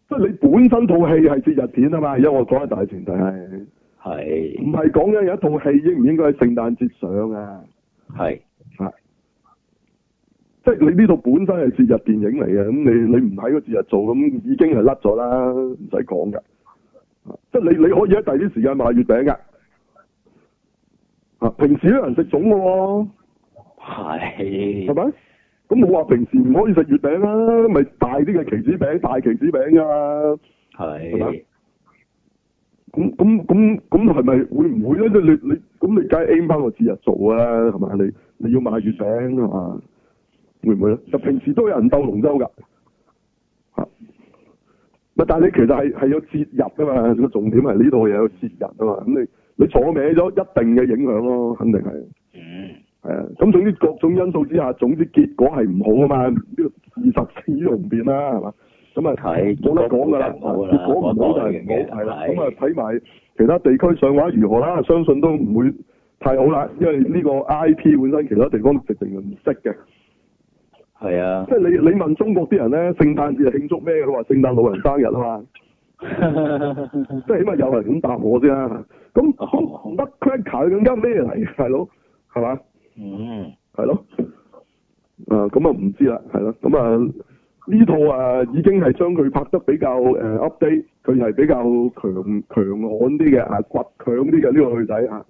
即係你本身套戲係節日片啊嘛，因為我講係大前提，就，係，係，係唔係講緊有一套戲應唔應該喺聖誕節上啊？係，啊、即係你呢套本身係節日電影嚟嘅，咁你你唔喺個節日做，咁已經係甩咗啦，唔使講㗎。即係你你可以喺第啲時間賣月餅噶，啊平時都有人食粽嘅喎。係，係咪？咁冇話平時唔可以食月餅啊，咪大啲嘅棋子餅、大棋子餅噶係係，咁咁咁咁係咪會唔會咧？你你咁你梗係包個節日做啊，係咪？你你要買月餅啊嘛？會唔會咧？就平時都有人鬥龍舟噶，吓，咪但係你其實係係有節日噶嘛？個重點係呢度又有節日啊嘛？咁你你坐歪咗一定嘅影響咯，肯定係。嗯係啊，咁總之各種因素之下，總之結果係唔好啊嘛，呢個二十四號唔變啦，係嘛，咁啊冇得講噶啦，結果唔好，好就係唔好係啦，咁啊睇埋其他地區上話如何啦，相信都唔會太好啦，因為呢個 I P 本身其他地方直情唔識嘅。係啊，即係你你問中國啲人咧，聖誕節係慶祝咩？佢話聖誕老人生日啊嘛，即 係起碼有人咁答我先啊，咁乜 nutcracker 更加咩嚟，大佬係嘛？嗯，係咯，咁啊唔知啦，係咯，咁啊呢套啊已經係將佢拍得比較誒 update，佢係比較強強悍啲嘅啊，倔強啲嘅呢個女仔、mm -hmm. 啊，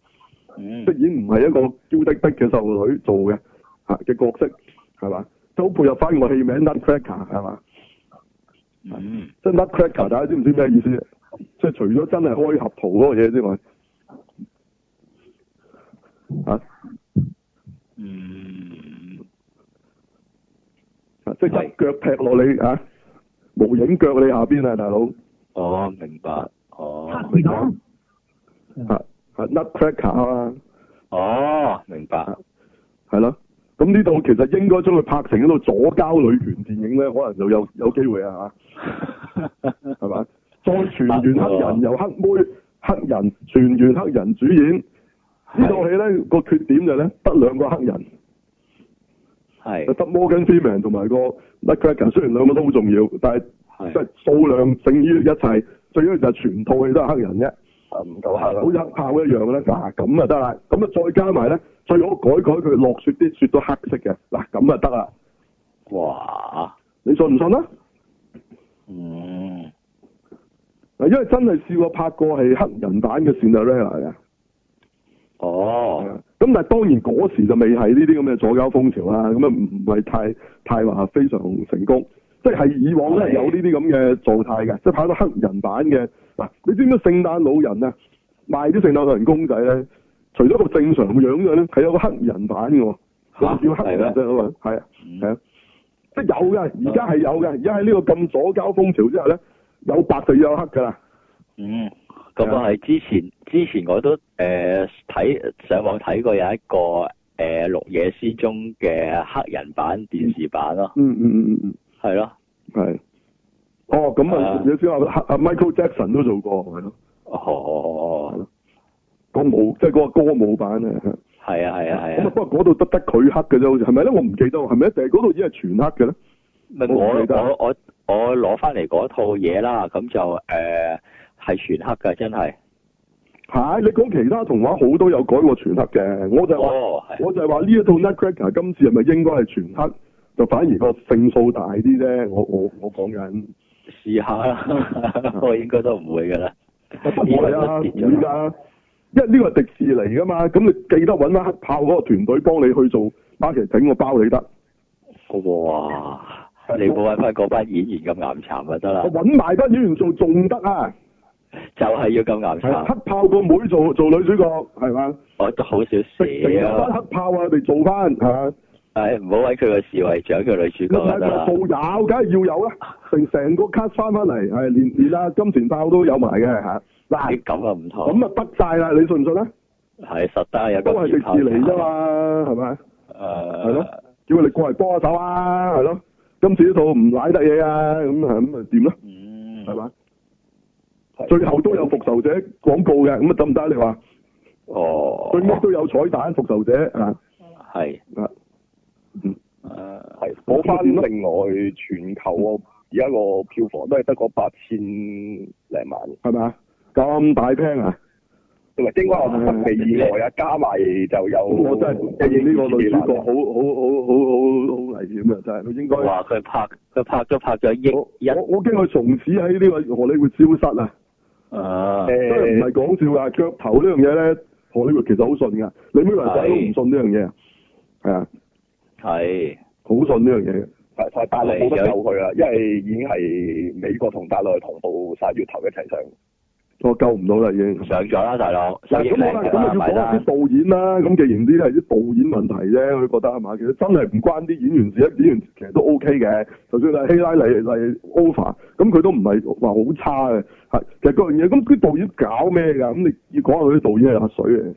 畢竟唔係一個嬌滴滴嘅少女做嘅啊嘅角色，係嘛，都配合翻個戲名 Nutcracker，係嘛，嗯、mm -hmm. 啊，即係 Nutcracker，大家知唔知咩意思？即、mm、係 -hmm. 除咗真係開核桃嗰個嘢之外，mm -hmm. 啊？嗯，即係一腳踢落你啊，無影腳你下邊啊，大佬。哦，明白。哦。黑鬼 Nutcracker 啊。哦，明白。係、嗯、咯，咁呢度其實應該將佢拍成嗰套左膠女權電影咧，可能就有有機會啊，吓。係嘛，再全員黑人由黑妹，黑人全員黑人主演。呢套戲咧個缺點就咧得兩個黑人，係，得 Morgan Freeman 同埋個 Lucky Ray，雖然兩個都好重要，嗯、但係即係數量勝於一切。最緊就係全套戲都係黑人啫，唔、啊、夠黑啦，好似黑豹一樣咧。嗱咁啊得啦，咁啊再加埋咧，最好改改佢落雪啲雪都黑色嘅。嗱咁啊得啦。哇！你信唔信啊？嗯。嗱，因為真係試過拍過係黑人版嘅《仙杜瑞拉》啊。哦，咁但係當然嗰時就未係呢啲咁嘅左膠風潮啦，咁啊唔係太太話非常成功，即係以往咧有呢啲咁嘅狀態嘅，即係拍到黑人版嘅嗱，你知唔知聖誕老人啊賣啲聖誕老人公仔咧，除咗個正常嘅樣嘅咧，係有個黑人版嘅，叫、啊、黑人嘅喎，係啊係啊，即係有嘅，而家係有嘅，而家喺呢個咁左膠風潮之下咧，有白就有黑㗎啦。嗯。咁我係之前之前我都誒睇上網睇過有一個誒綠野仙蹤嘅黑人版電視版咯。嗯嗯嗯嗯嗯。係、嗯、咯。係、嗯。哦，咁啊，有啲話阿 Michael Jackson 都做過，係咪咯？哦。哦，哦、嗰個，哦，歌舞即係嗰個歌舞版啊。係啊係啊係啊。不過，嗰度得得佢黑嘅啫，好似係咪咧？我唔記得喎，係咪咧？定嗰度已經係全黑嘅咧？唔、嗯、我我我我攞翻嚟嗰套嘢啦，咁就誒。呃係全黑噶，真係。係、啊、你講其他童話好多有改過全黑嘅，我就係、oh, 我就係話呢一套 Nutcracker 今次係咪應該係全黑？就反而個勝數大啲呢。我我我講緊，試下啦，應該都唔會噶啦。唔係啊，唔理噶，因為呢個係迪士尼噶嘛。咁你記得搵翻黑豹嗰個團隊幫你去做，巴其整個包你得。哇！你冇搵翻嗰班演員咁岩慘就得啦、啊。我搵埋班演員做仲得啊！就係、是、要咁硬沙，黑炮個妹，妹做做女主角，係嘛？我、哦、都好少識黑炮啊，佢哋做翻，係嘛？係唔好委屈個侍衛長做女主角啦。部有，梗係要有啦、啊，成 成卡 cut 翻翻嚟，係連連啦，金錢炮都有埋嘅嚇。嗱咁啊唔同，咁啊得晒啦！你信唔信係啊？係實得有個迪士尼啫嘛，係咪？誒、呃，係咯，叫佢嚟過嚟幫下手啊，係咯。今次啲套唔賴得嘢啊，咁係咁咪掂咯。嗯，係嘛最後都有復仇者廣告嘅，咁啊，得唔得你話哦，最乜都有彩蛋，復仇者係啊，係、嗯、啊、嗯，另外全球現在我而家我票房都係得個八千零萬，係咪啊？咁大 p 啊？同埋應該我出其意外啊！加埋就有、啊、我真係承認呢個女主角好好好好好好危險嘅，真係佢應該話佢拍佢拍咗拍咗英，我我驚佢從此喺呢個荷里活消失啊！啊，都係唔係講笑㗎？腳頭呢樣嘢咧，荷里活其實好信㗎。你每個人仔都唔信呢樣嘢，係啊，係好信呢樣嘢。同埋大陸得好多有佢啊，因為已經係美國同大陸同步曬月頭一齊上。我救唔到啦，已經上咗啦，大佬。咁我咧，咁啊要講下啲導演啦。咁、嗯、既然啲係啲導演問題啫，佢覺得係嘛？其實真係唔關啲演員事，啲演員其實都 OK 嘅。就算係希拉里、係 over，咁佢都唔係話好差嘅。係，其實各樣嘢，咁、嗯、啲導演搞咩噶？咁你要講下佢啲導演係乜水嚟？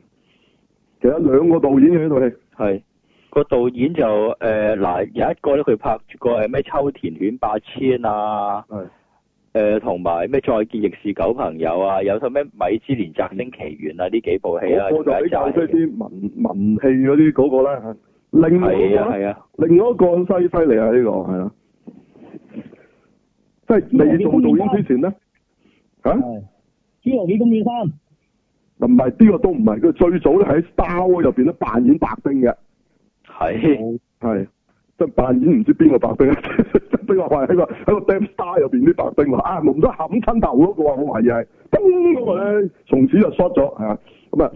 其實有兩個導演嘅呢套戲，係、嗯、個導，導演就誒，嗱、呃、有一個咧，佢拍過係咩秋田犬八千啊。誒、呃，同埋咩再見亦是狗朋友啊，有首咩米芝蓮摘星奇緣啊，呢幾部戲啊，啲文啲嗰就係，另外咧，另外一個犀犀利啊，呢個係啦，即係未做導演之前咧，啊，侏羅紀公園三，嗱唔係，呢個都唔係，佢最早咧喺 Star Wars 入邊咧扮演白冰嘅，係係，即係扮演唔知邊個白冰。 呢個係喺個喺個 Death Star 入邊啲白兵啊，戻咗冚親頭咯、那個，佢話好懷疑，嘣咁啊，從此就 short 咗，係咁啊，咁啊，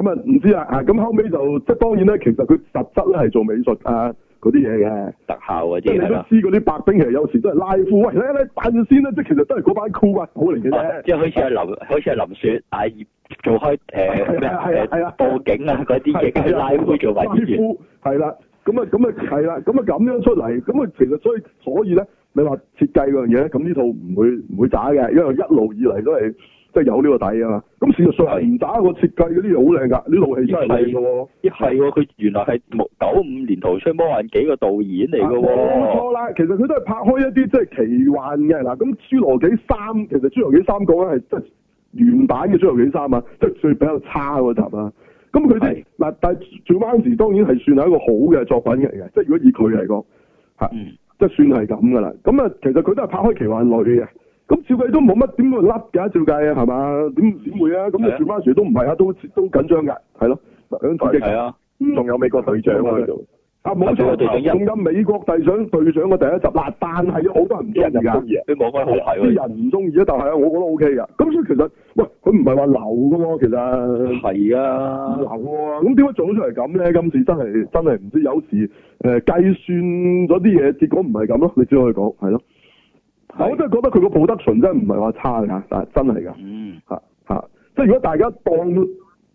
唔、嗯嗯、知啊，咁後尾就即係當然咧，其實佢實質咧係做美術啊嗰啲嘢嘅特效嗰啲即係你知嗰啲白兵其實有時都係拉夫，喂咧咧扮先啦，即係其實都係嗰班 cool 嚟嘅啫。即、啊、係好似阿林，好似阿林雪啊，葉做開誒咩啊，布景啊嗰啲嘢，啊啊啊啊、拉夫做演員，係啦。啊咁啊，咁啊，係啦，咁啊，咁樣出嚟，咁啊，其實所以所以咧，你話設計嗰樣嘢咧，咁呢套唔會唔會渣嘅，因為一路以嚟都係即係有呢個底啊嘛。咁事實上連渣個設計嗰啲嘢好靚噶，呢套戲真係靚嘅喎。一係喎，佢原來係魔九五年逃出魔幻紀嘅導演嚟嘅喎。啊，冇錯啦，其實佢都係拍開一啲即係奇幻嘅嗱。咁《侏羅紀三》其實《侏羅紀三》講嘅係即係原版嘅《侏羅紀三》啊，即係最比較差嗰集啊。咁佢哋嗱，但係《Jumanji》當然係算係一個好嘅作品嚟嘅，即係如果以佢嚟講，即係算係咁噶啦。咁啊，其實佢都係拍開奇幻類嘅。咁照計都冇乜點會甩㗎？照計啊，係嘛、啊？點點會啊？咁啊，《Jumanji》都唔係啊，都都,都緊張㗎，係咯，響、嗯、啊，仲有美國隊長喺度。啊！冇錯，仲有、啊、美國隊長隊長嘅第一集嗱，但係好多人唔中意噶，啲人唔中意啊，但係我,我覺得 OK 噶。咁所以其實喂，佢唔係話流噶喎，其實係啊，流啊。咁點解做出嚟咁咧？今次真係真係唔知，有時誒計、呃、算咗啲嘢，結果唔係咁咯。你只可以講係咯。我真係覺得佢個布德純真唔係話差噶，但係真係噶。嗯。吓、啊、吓、啊，即係如果大家當。